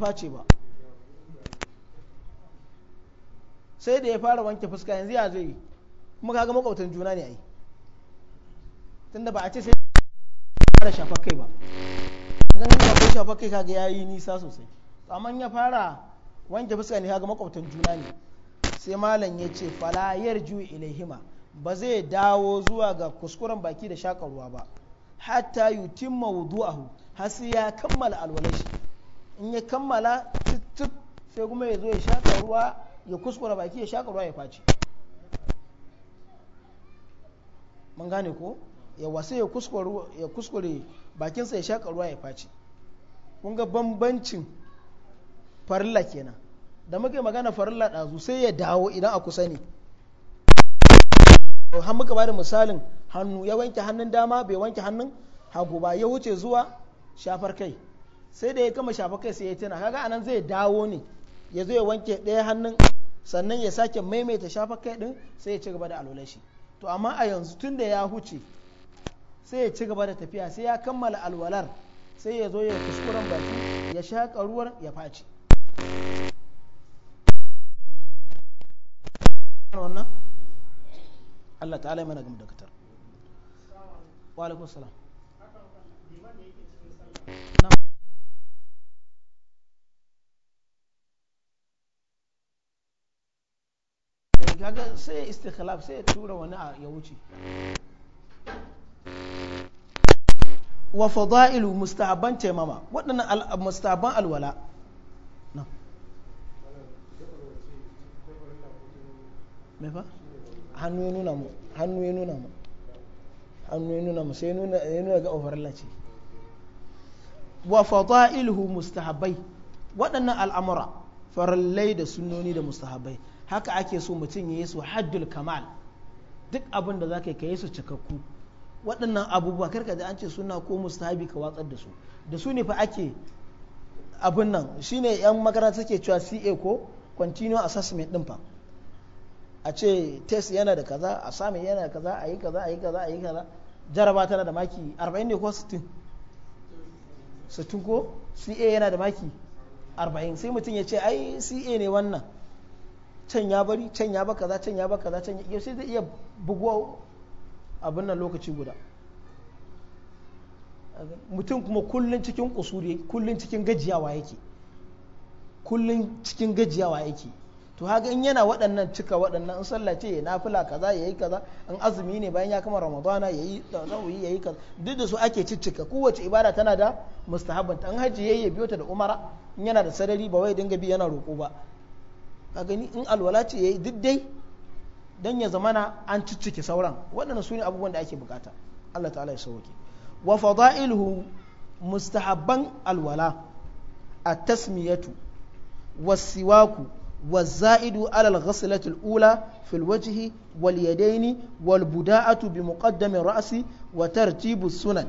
face ba sai da ya fara wanke fuska yanzu ya zai kuma kaga makwautan juna ne ai tunda ba a ce sai ya fara shafa kai ba ganin shafa shafa kai kaga ya yi nisa sosai amma ya fara wanke fuska ne kaga makwautan juna ne sai malam ya ce falayar yarju ilaihima ba zai dawo zuwa ga kuskuren baki da shakarwa ba hatta yutimma wudu'ahu har sai ya kammala alwalashi in ya kammala tuttuf sai kuma ya zo ya shaƙa ruwa ya kuskura baki ya shaƙa ruwa ya kwace mun gane ko ya wasu ya kuskure bakinsa ya shaƙa ruwa ya kwace kun ga bambancin farilla kenan da muka yi magana farilla ɗazu sai ya dawo idan a kusa ne har muka ba da misalin hannu ya wanke hannun dama bai wanke hannun hagu ba ya wuce zuwa shafar kai sai da ya kama shafa kai sai ya tuna kaga anan zai dawo ne ya zo ya wanke ɗaya hannun sannan ya sake maimaita shafa kai din sai ya ci gaba da alwala shi to amma a yanzu tun da ya huce sai ya ci gaba da tafiya sai ya kammala alwalar sai ya zo ya kuskuren baki ya shaƙa ruwan ya faci wannan Allah ta'ala mana gam dakatar wa alaikum salam kaga sai ya istikhlaf sai ya tura wani a ya wuce wa fada'ilu mustahabban taimama waɗannan mustahabban alwala na mefa hannu ya nuna mu hannu ya nuna mu hannu ya nuna mu sai ya nuna ga ofarla ce wa fada'ilu mustahabbai waɗannan al'amura farallai da sunoni da mustahabbai haka ake so mutum ya yi su haddul kamal duk abin da za ka yi ka yi su cikakku waɗannan abubuwa karka da an ce suna ko mustahabi ka watsar da su da su ne fa ake abin nan shine yan makaranta suke cewa CA ko continuous assessment din fa a ce test yana da kaza a sami yana da kaza a yi kaza a yi kaza a yi kaza jaraba tana da maki 40 ne ko 60 60 ko CA yana da maki 40 sai mutum ya ce ai CA ne wannan can ya bari can ya ba kaza can ya ba kaza can ya sai zai iya buguwa abin nan lokaci guda mutum kuma kullun cikin kusuri kullun cikin gajiyawa yake kullun cikin gajiyawa yake to haka in yana waɗannan cika waɗannan in sallace ya na fila kaza ya yi kaza in azumi ne bayan ya kama ramadana ya yi tazawi ya yi kaza duk da su ake ciccika kowace ibada tana da mustahabanta in hajji ya biyo ta da umara in yana da sarari ba wai dinga bi yana roƙo ba ka gani in alwala ce ya yi diddai don ya zamana an cicciki sauran waɗanda su ne abubuwan da ake bukata Allah ta'ala ya sauke wa fada'ilhu mustahabban alwala a tasmiyatu wa wa za'idu alal ghasilatul ula fil wajhi wal yadaini wal buda'atu bi muqaddamin ra'si wa tartibu sunan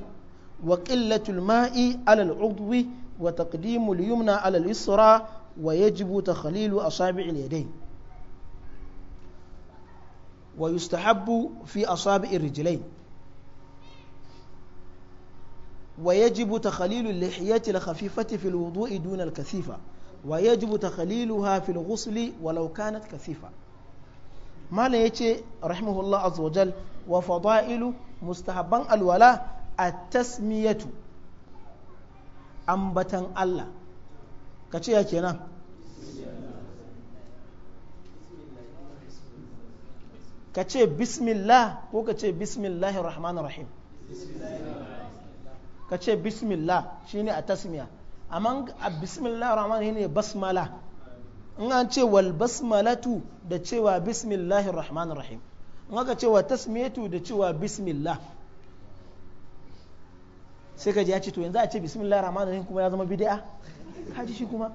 wa qillatul ma'i alal udwi wa taqdimul yumna alal isra wa yajibu takhlilu asabi'il yadayn wa yustahabbu fi asabi'ir rijlayn ويجب تخليل اللحية الخفيفة في الوضوء دون الكثيفة ويجب تخليلها في الغسل ولو كانت كثيفة ما لا يتي رحمه الله عز وجل وفضائل مستحبا الولاء التسمية أنبتا الله ka ce ya kenan ka ce bismillah ko ka ce bismillahir rahmanir rahim ka ce bismillah shine a tasmiya amma a bismillahir rahmanir rahim ne basmala in an ce wal basmalatu da cewa bismillahir rahmanir rahim in aka ce wa tasmiyatu da cewa bismillah sai ka ji ya ce to yanzu a ce bismillahir rahmanir rahim kuma ya zama bid'a kaji shi kuma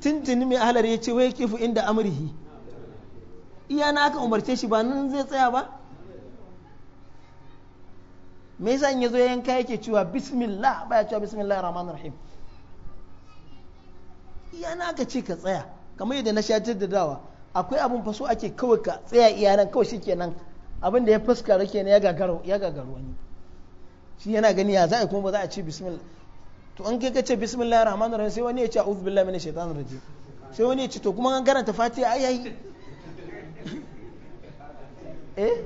tuntuni mai ahalar ya ce wai kifu inda amurhi iya na aka umarce shi ba nan zai tsaya ba me yasa in yazo yanka yake cewa bismillah baya cewa bismillah rahman rahim iya na aka ce ka tsaya kamar yadda na shatar da dawa akwai abun faso ake kawai ka tsaya iya nan kawai shikenan abin da ya fuskara kenan ya gagaro ya gagaro wani shi yana gani ya za a kuma ba za a ce bismillah to an kai kace bismillahir rahmanir rahim sai wani ya ce a'udhu billahi minash shaitanir rajim sai wani ya ce to kuma an karanta fatiha ai ai *laughs* eh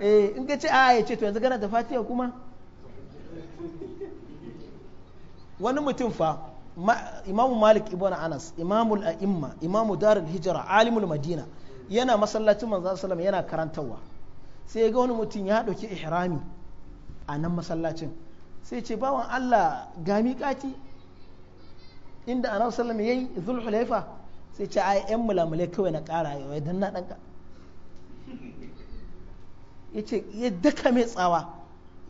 eh in kace a ya ce to yanzu karanta fatiha kuma wani mutum fa imamu malik ibn anas imamul a'imma imamu al hijra alimul madina yana masallacin manzo sallallahu yana karantawa sai ya ga wani mutum ya dauki ihrami a nan masallacin sai ce bawan Allah gami kati inda annabi sallama ya yi yayi zulhulaifa sai ce ai yan mulamulai kawai na ƙara yau dan na danka yace ya daka mai tsawa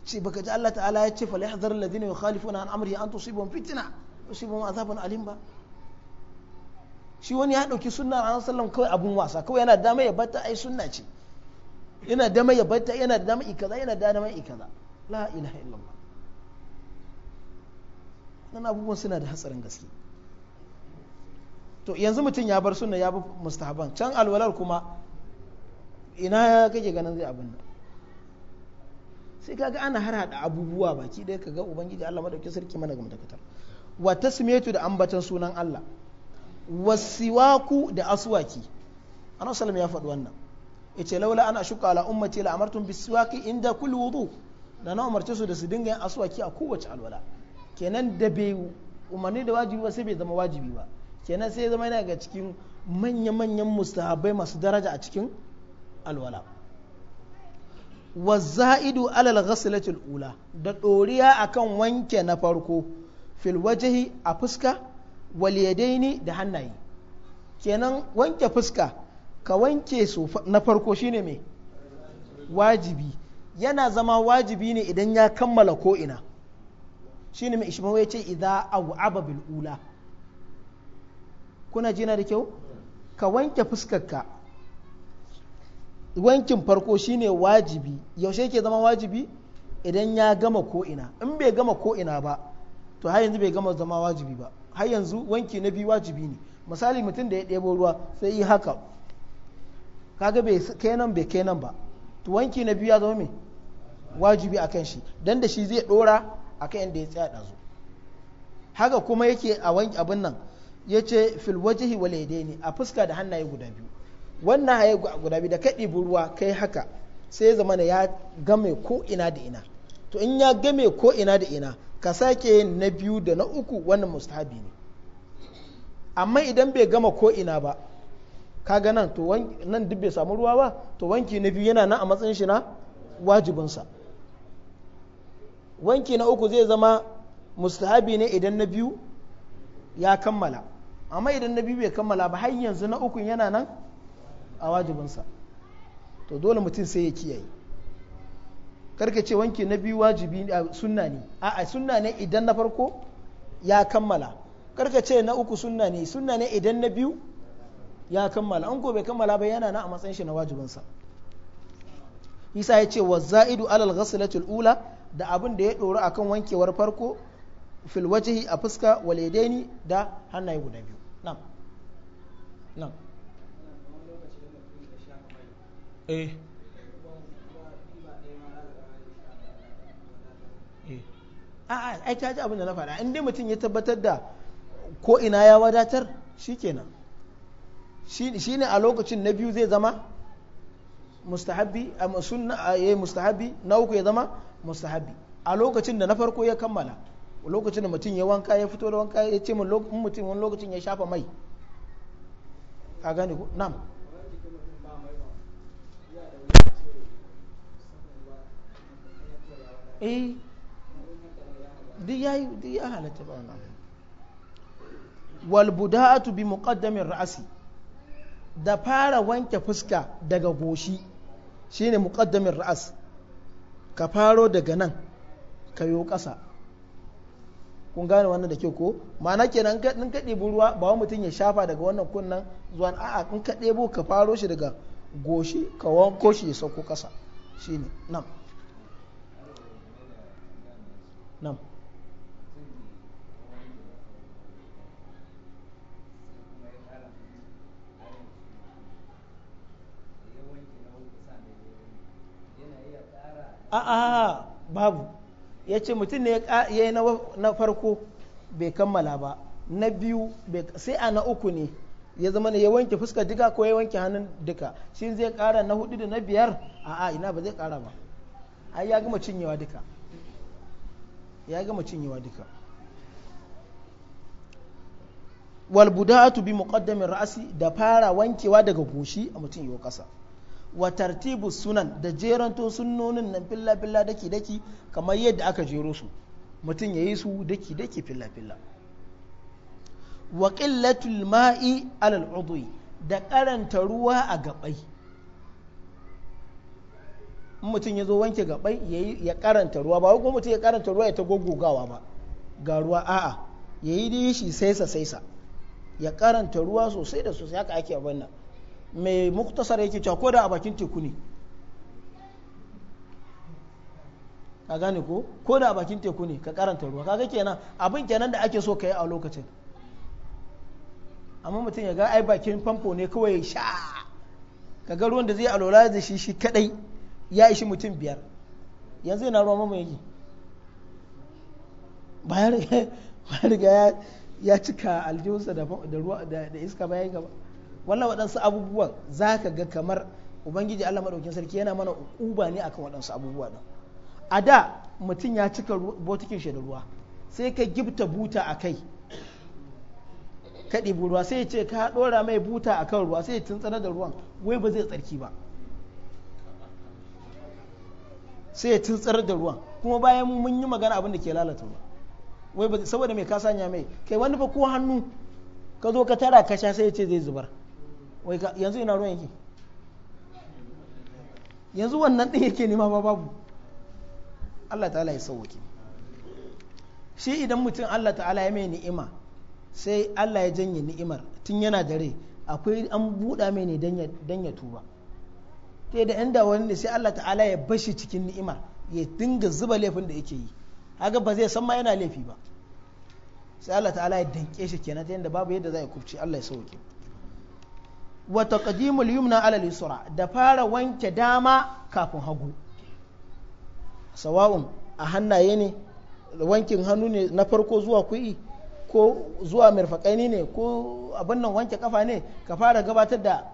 ce baka ji Allah ta'ala ya ce falyahdhar alladhina yukhalifuna an amri an tusibahum fitna tusibahum azabun alim ba shi wani ya ɗauki sunnar annabi sallam kawai abun wasa kawai yana dama ya bata ai sunna ce yana dama ya bata yana dama mai kaza yana dama mai kaza la ilaha illallah nan abubuwan suna da hatsarin gaske to yanzu mutum ya bar suna ya bi mustahaban can alwalar kuma ina ya kake ganin zai abin nan sai kaga ana har abubuwa baki ka ga ubangiji Allah madaukakin sarki mana da dakatar wa tasmiyatu da ambatan sunan Allah wasiwaku da aswaki annabi sallallahu ya faɗi wannan yace laula ana shuka ala ummati la amartum inda kulli wudu da na umarce su da su dinga yin aswaki a kowace alwala kenan da bai umarni da wajibi ba sai bai zama wajibi ba kenan sai zama yana ga cikin manya-manyan mustahabai masu daraja a cikin alwala wa za'idu alal ghaslatil ula da doriya akan wanke na farko fil wajhi a fuska wal yadaini da hannaye kenan wanke fuska ka wanke su na farko shine me wajibi yana zama wajibi ne idan ya kammala ko ina shine mai ishimawa ya ce idza aw'aba ababil ula kuna jina da kyau ka wanke fuskarka wankin farko shine wajibi yaushe ke zama wajibi idan ya gama ko ina in bai gama ko ina ba to har yanzu bai gama zama wajibi ba har yanzu wanki na biyu wajibi ne misali mutum da ya ɗebo ruwa sai yi haka kaga bai kai nan bai kai nan ba to wanki na biyu ya zama mai wajibi akan shi dan da shi zai ɗora akan yadda ya tsaya ɗazu haka kuma yake a wani abin nan ya ce filwajihi wal ne a fuska da hannaye guda biyu wannan haye guda biyu da ka ɗibi ruwa kai haka sai zama ya game ko ina da ina to in ya game ko ina da ina ka sake na biyu da na uku wannan mustahabi ne amma idan bai gama ko ina ba kaga nan to nan duk bai samu ruwa ba to wanki na biyu yana nan a matsayin shi na wajibinsa wanki na uku zai zama mustahabi ne idan na biyu ya kammala amma idan na biyu bai kammala ba har yanzu na uku yana nan a wajibinsa to dole mutum sai ya kiyaye karka ce wanki na biyu wajibi sunna ne a sunna ne idan na farko ya kammala karka ce na uku sunna ne sunna ne idan na biyu ya kammala an ko bai kammala ba yana nan a matsayin shi na wajibinsa isa ya ce wa za'idu alal ghaslatul ula da abin da ya ɗoru akan wankewar farko filwajihi a fuska wal da hannaye guda biyu nan nan eh. eh a'a ai ka ji abin da na faɗa inda mutum ya tabbatar da ko ina ya wadatar shi kenan shi ne a lokacin na biyu zai zama mustahabi a masu a yi eh, na uku ya zama mustahabi a lokacin da na farko ya kammala lokacin da mutum ya wanka ya fito da wanka ya ce min mutum wani lokacin ya shafa mai a gani ku nam eh duk ya yi duk ya halatta ba wannan wal buda'atu bi muqaddamin ra'si da fara wanke fuska daga goshi shine muqaddamin ra'asi. ka faro daga nan ka yo ƙasa kun gane wannan da kyau ko ma'ana kenan in ka ɗebi ruwa ba wani mutum ya shafa daga wannan kunnan zuwa a'a in ka ɗebo ka faro shi daga goshi ka wanko shi ya sauko ƙasa shine nan nan a'a babu ya ce mutum ne ya yi na farko bai kammala ba na biyu sai a na uku ne ya zama ne ya wanke fuska duka ko ya wanke hannun duka shi zai kara na hudu da na biyar a'a ina ba zai kara ba ai ya gama cinyewa duka ya gama cinyewa duka wal buda'atu bi muqaddamin ra'si da fara wankewa daga goshi a mutum yau kasa wa tartibu sunan da to sunnonin nan filla filla daki daki kamar yadda aka jero su mutum ya yi su daki daki filla filla wa qillatul ma'i alal udwi da karanta ruwa a gabai in mutum ya zo wanke gabai ya karanta ruwa ba ko mutum ya karanta ruwa ya ta gogogawa ba ga ruwa a'a ya yi shi saisa saisa ya karanta ruwa sosai da sosai haka ake abin nan mai muktasar yake cewa ko da a bakin teku ne ka gane ko ko da a bakin teku ne ka karanta ruwa kaga kenan abin kenan da ake so ka yi a lokacin amma mutum ya ga ai bakin famfo ne kawai sha kaga ruwan da zai alola da shi shi kadai ya ishi mutum biyar yanzu yana ruwa mamaye yi bayan riga *laughs* ya cika aljihunsa da iska bayan gaba Wannan waɗansu abubuwan za ka ga kamar ubangiji allah maɗaukin sarki yana mana uba ne akan waɗansu abubuwa ɗin a da mutum ya cika botikin shi da ruwa sai ka gibta buta a kai ka ɗibi ruwa sai ce ka ɗora mai buta a kan ruwa sai tuntsana da ruwan wai ba zai tsarki ba sai ya tuntsar da ruwan kuma bayan mun yi magana abin da ke lalata ruwa wai ba saboda mai ka sanya mai kai wani ba ko hannu ka zo ka tara ka sha sai ya ce zai zubar wai yanzu ina ruwan yake yanzu wannan ɗin yake nema ba babu Allah ta'ala ya sauwake shi idan mutum Allah ta'ala ya mai ni'ima sai Allah ya janye ni'imar tun yana dare akwai an buɗa mai ne don ya tuba ta da inda wani sai Allah ta'ala ya bashi cikin ni'imar ya dinga zuba laifin da yake yi haka ba zai san ma yana laifi ba sai Allah ta'ala ya danke shi kenan ta yadda babu yadda za ya kubce Allah ya sauke wa taqdimul yumna ala al-yusra da fara wanke dama kafin hagu sawa'un a hannaye ne wankin hannu ne na farko zuwa ku'i ko zuwa mirfakaini ne ko abin nan wanke kafa ne ka fara gabatar da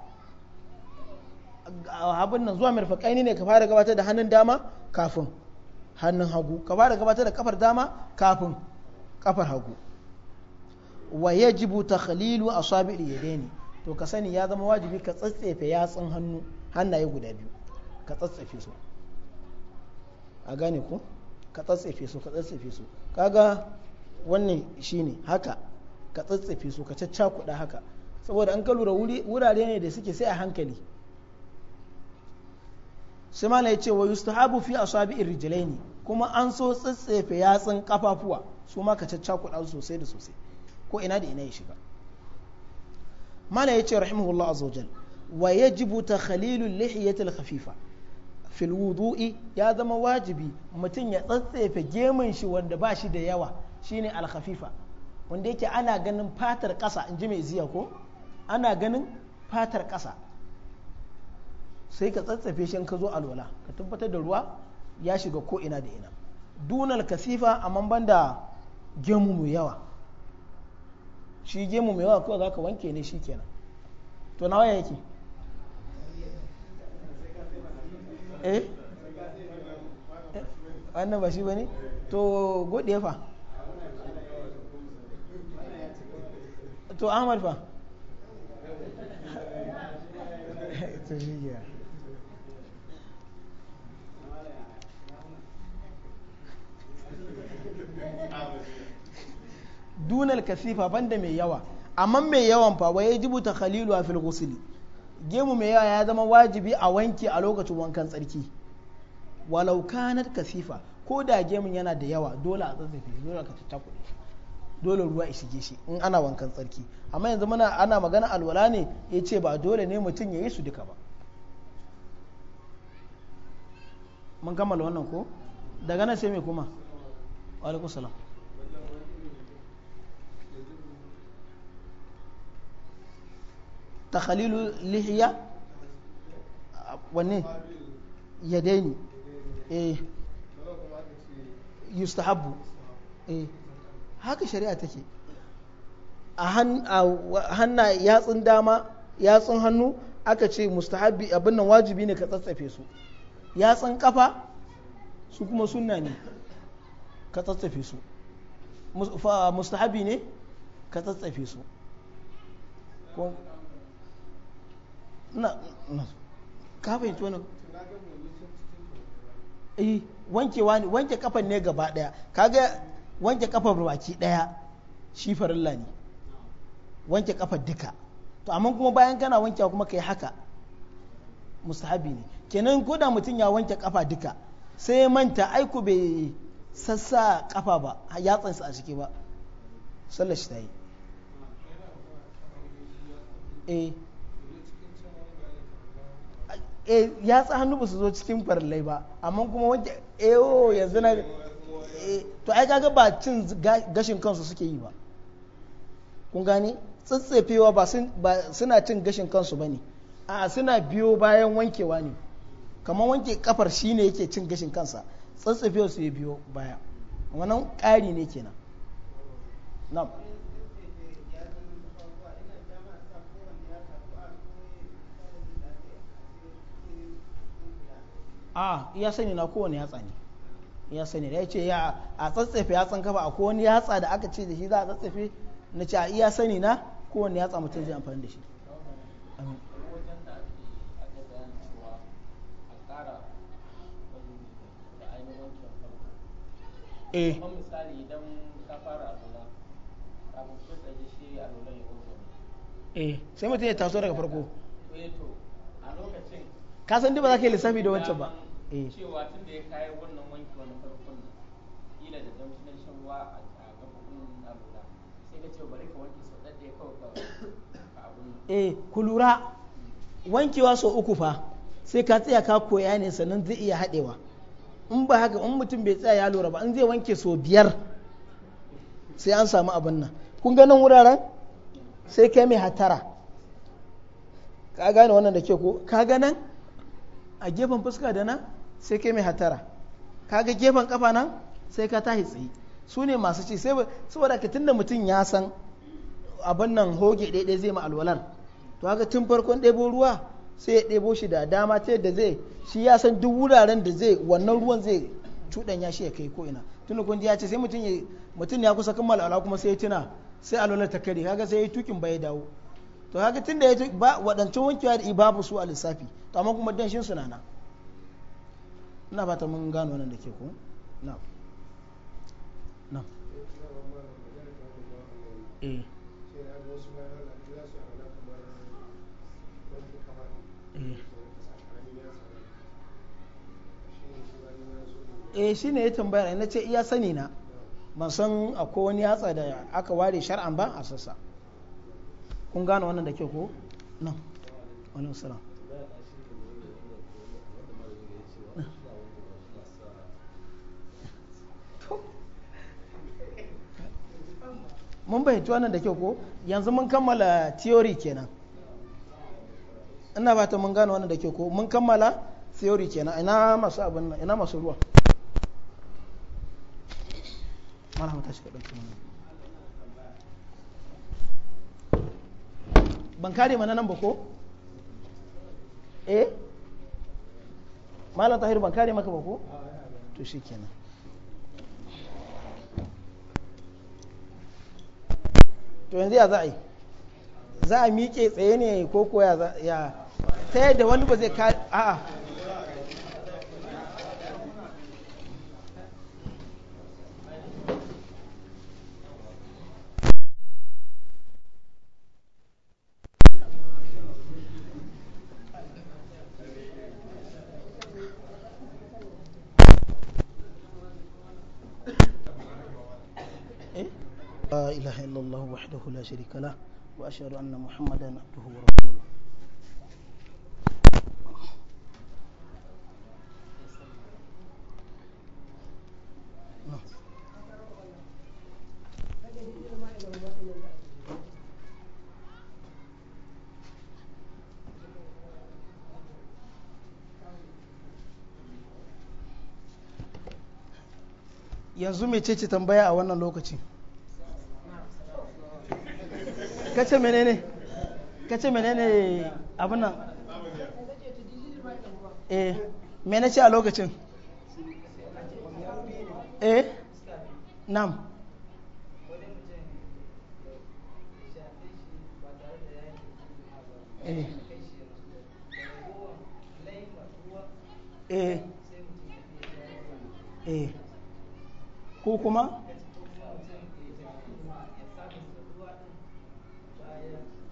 abin nan zuwa mirfakaini ne ka fara gabatar da hannun dama kafin hannun hagu ka fara gabatar da kafar dama kafin kafar hagu wa yajibu takhlilu asabi'il yadaini to ka sani ya zama wajibi ka tsatsefe yatsun hannu hannaye guda biyu ka tsatsefe su a gane ku ka tsatsefe su ka tsatsefe su kaga wannan shine haka ka tsatsefe su ka kuɗa haka saboda an ka lura wurare ne da suke sai a hankali sai mala ya ce wa yustahabu fi asabi'ir ne kuma an so tsatsefe yatsun kafafuwa su ma ka kuɗa sosai da sosai ko ina da ina ya shiga mana yace rahimahullah azza wajal wa yajibu takhlilu khalilun khafifa fil wudu'i ya zama wajibi mutum ya tsatsefe gemun shi wanda ba shi da yawa shine al wanda yake ana ganin fatar kasa in ji mai ziya ko ana ganin fatar kasa sai ka tsatsefe shi ka zo alwala ka tabbatar da ruwa ya shiga ko ina da ina dunal kasifa amma banda gemu mai yawa shi gemu mai yawa za ka wanke ne shi kenan to nawa yake eh, eh wannan ba shi ba ne to gode fa to ahmad fa *laughs* *laughs* dunal kasifa banda mai yawa amma mai yawan fa wa yajibu takhalilu fil ghusli gemu mai yawa ya zama wajibi a wanke a lokacin wankan tsarki walau kanat kasifa ko da gemun yana da yawa dole a tsatsafe dole ka tatta dole ruwa ya shige shi in ana wankan tsarki amma yanzu muna ana magana alwala ne ya ce ba dole ne mutum ya yi su duka ba mun kammala wannan ko daga nan sai mai kuma wa alaikum salam takhalilu lihiya wanne yadaini eh yustahabu eh haka shari'a take a hanna yatsun dama yatsun hannu aka ce mustahabbi abin nan wajibi ne ka tsatsafe su yatsun kafa su kuma sunna ne ka tsatsafe su mustahabbi ne ka tsatsafe su na na ka fahimci wannan eh wankewa ne wanke kafan ne gaba daya kaga wanke kafar baki daya shi farilla ne wanke kafar duka to amma kuma bayan kana wankewa kuma kai haka mustahabi ne kenan ko da mutum ya wanke kafa duka sai ya manta aiku bai sassa kafa ba tsansa a ciki ba sallar shi ta yi eh eh ya tsa hannu ba su zo cikin farlai ba amma kuma wanke ewo eh, oh, yanzu na eh, to ai kaga ba cin gashin kansu suke yi ba kun gane tsatsefewa ba suna cin gashin kansu ba ne a suna biyo bayan wankewa ne kamar wanke kafar shi ne yake cin gashin kansa tsatsefewa su ya biyo baya wannan ƙari ne kenan a ya sani na kowane yatsa ne ya sani da ya ce ya a tsatsafe yatsan kafa a kowane yatsa da aka ce da shi za a tsatsafe na ce a iya sani na kowane yatsa mutum zai amfani da shi eh misali idan ka fara alula kafin ka tsaye shi alula ya wuce eh sai mutum ya taso daga farko eh, to a lokacin ka san duba za ka yi lissafi da wancan ba Eh. cewa tun da ya kayi wannan wanki wani farkon kila da damshin shan ruwa a kafin alula sai ka ce bari ka wanke sau ɗan ya kawai ka abun eh ku lura wankewa sau uku fa sai ka tsaya ka koya ne sannan zai iya haɗewa in ba haka in mutum bai tsaya ya lura ba in zai wanke sau biyar sai an samu abin nan kun ganin wuraren sai kai mai hatara ka gane wannan da ke ko ka ganin a gefen fuska da na sai kai mai hatara kaga gefen kafa nan sai ka tashi tsaye su ne masu ci sai saboda ka tunda mutum ya san abin nan hoge ɗaiɗai zai ma to haka tun farkon ɗebo ruwa sai ya ɗebo shi da dama ta yadda zai shi ya san duk wuraren da zai wannan ruwan zai cuɗanya shi ya kai ko ina tun kun kundi ya ce sai mutum mutum ya kusa kammala alwala kuma sai ya tuna sai alwalar ta kare kaga sai ya tukin bai dawo to haka tun da ya ba waɗancan wankewa da ibabu su a lissafi to amma kuma danshin su nana ina ba ta mun gano wannan da ke ku na na eh, eh. eh shi ne ya tambaya na ce iya sani na ban san akwai wani yatsa da aka ware shar'an ba a sassa kun gano wannan da ke ko nan wani salam mun bayyanci wannan da kyau ko yanzu mun kammala theory kenan ina ta mun gane wannan da kyau ko mun kammala theory kenan ina masu abin nan ina masu ruwa malama ta shiga ɗauki mana ban kare mana nan ba ko eh malam tahir ban kare maka ba ko to kenan to yanzu ya za a yi za a miƙe tsaye ne ko ko ya ta yadda wani ba zai ka a'a إلا الله وحده لا شريك له وأشهد أن محمدا عبده ورسوله yanzu mai ce tambaya a wannan lokacin kace menene kace menene abin nan eh menace a lokacin eh nam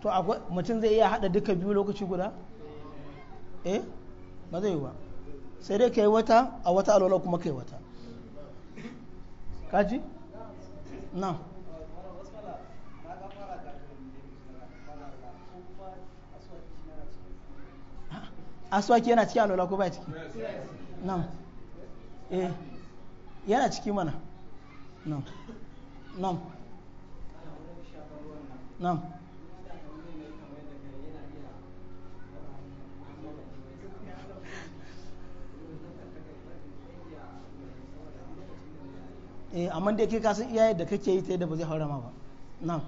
to mutum zai iya hada duka biyu lokaci guda eh ba zai yiwa. sai dai ka yi wata a wata alwala kuma ka yi wata kaji na aswaki yana cikin alwala ko ba ciki na eh yana ciki mana na na na eh amma dai kai ka san iyaye da kake yi ta yadda ba zai haura ma ba na'am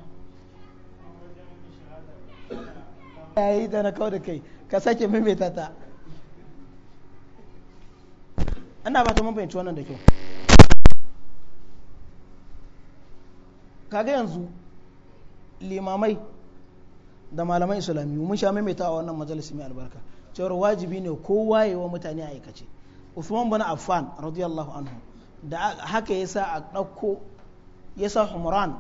yayi da na kawo da kai ka sake maimaita ta ana ba ta mun wannan da kyau kaga yanzu limamai da malaman islami mun sha maimaita a wannan majalisi mai albarka cewar wajibi ne kowa yi wa mutane aikace usman bin Affan radiyallahu anhu da haka ya sa a ɗauko ya yasa humran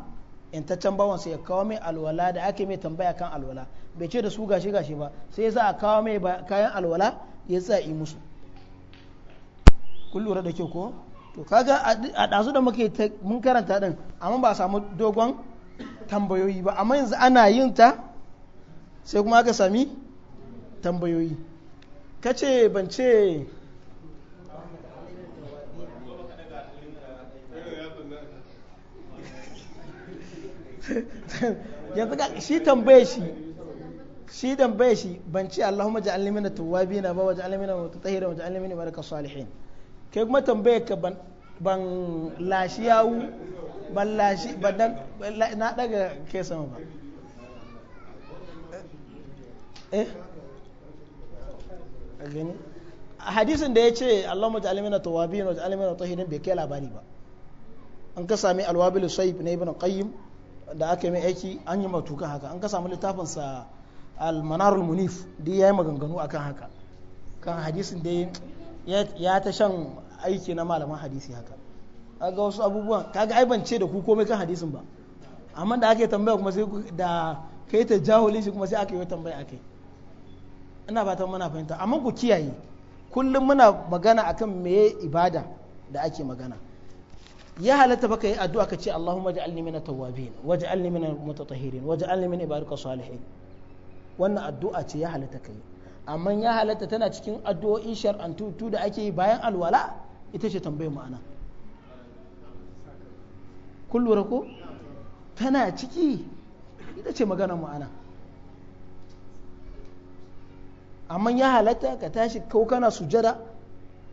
intaccen bawansa ya kawo mai alwala da ake mai tambaya kan alwala bai ce da su gashi gashi ba sai yasa a kawo mai kayan alwala ya yi musu kun lura da kyau ko to kaga a ɗazu da muke mun karanta din amma ba a samu dogon tambayoyi ba amma yanzu ana yin ta sai kuma aka sami tambayoyi ka ce ban ce *laughs* yanzu ga shi tambaye shi shi tambaye shi ban ce Allahumma ja'alni min at-tawwabin ba wa ja'alni min at-tatahirin wa ja'alni min kasu salihin kai kuma tambaye ka ban ban lashi yawu ban lashi ban na daga ke sama ba eh gani hadisin da ya ce Allahumma ja'alni min at-tawwabin wa ja'alni min at-tahirin bai kai labari ba an ka sami alwabil sayyib na ibn qayyim da aka yi mai aiki an yi matukan haka an ka samu littafin sa almanarul manarul munif duk yi maganganu akan haka kan hadisin da ya ta shan aiki na malaman hadisi haka kaga wasu abubuwan kaga ai ban da ku komai kan hadisin ba amma da aka yi tambaya kuma sai da kai ta jahulin shi kuma sai aka yi tambaya akai ina fatan muna fahimta amma ku kiyaye kullum muna magana akan meye ibada da ake magana ya halatta baka yi addu'a ka ce Allahumma ja'alni min tawwabin waj'alni min mutatahhirin waj'alni min ibadika salihin wannan addu'a ce ya halatta kai amma ya halatta tana cikin addu'o'in shar'antu tu da ake yi bayan alwala ita ce tambayar ma'ana kun lura ko tana ciki ita ce magana ma'ana amma ya halatta ka tashi kau kana sujada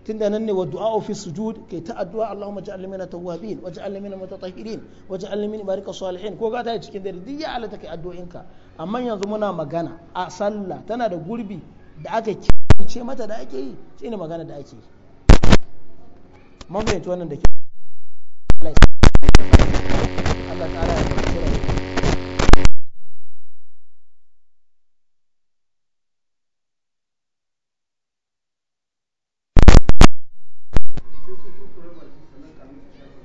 da nan ne wa du'a fi sujud kai ta addu'a Allahumma ja'al lana tawwabin wa ja'al lana mutatahhirin wa ja'al lana barika salihin ko ga ta cikin dare duk ya alata kai addu'o'inka amma yanzu muna magana a sallah tana da gurbi da aka ce mata da ake yi shine magana da ake yi mun fahimci wannan da ke Allah ta'ala ya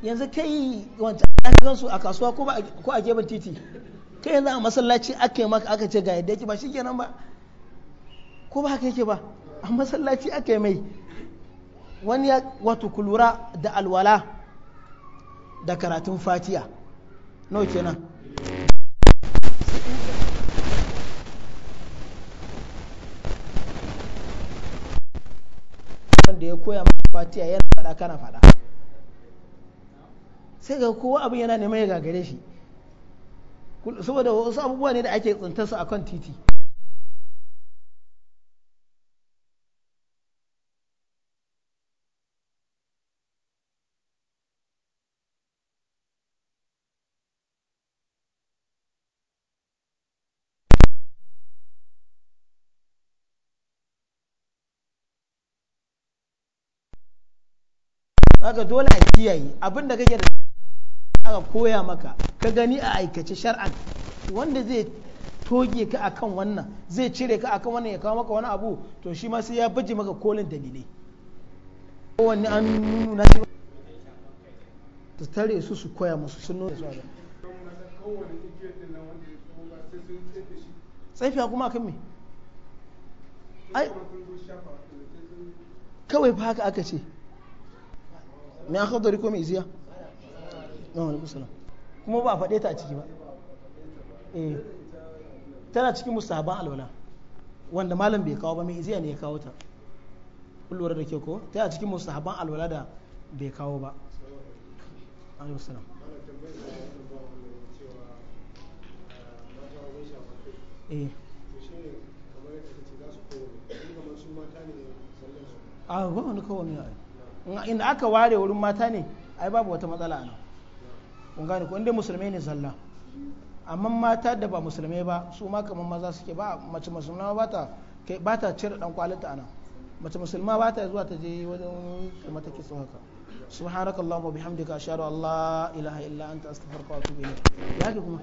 yanzu kai wancan an gan su a kasuwa ko a gefen titi kai yanzu a masallaci aka yi maka aka ce ga yadda yake ba shi kenan ba ko ba haka yake ba a masallaci aka yi mai wani ya wato kulura da alwala da karatun fatiya nawa kenan wanda ya koya maka fatiya yana fada kana fada. sai ga kowa abin yana neman ya gagare shi saboda wasu abubuwa ne da ake tsuntarsu a kan titi haka dole a kiyaye abin da kake da aka koya maka ka gani a aikace shar'an wanda zai toge ka akan wannan zai cire ka akan wannan ya kawo maka wani abu to shi ma sai ya baje maka kolin dalilai kowanne an nuna shi ta tare su su koya musu sun nuna su tsaifiya kuma kan me ai kawai fa haka aka ce mai aka dori ko mai ziya kuma ba a faɗe ta a ciki ba eh tana cikin musabban alwala wanda malam bai kawo ba mai iziya ne ya kawo ta Kullum da ke ko ta a cikin musabban alwala da bai kawo ba alaihi eh. a ah, wani kowane in aka ware wurin mata ne ai babu wata matsala a nan kun gane ko inda musulmai ne zalla amma mata da ba musulmai ba su ma kamar maza suke ba mace musulma ba ta ba ta cire dan kwalinta anan mace musulma ba ta zuwa ta je wajen kuma take so haka subhanakallahumma bihamdika ashhadu an la ilaha illa anta astaghfiruka wa atubu ilayk yake kuma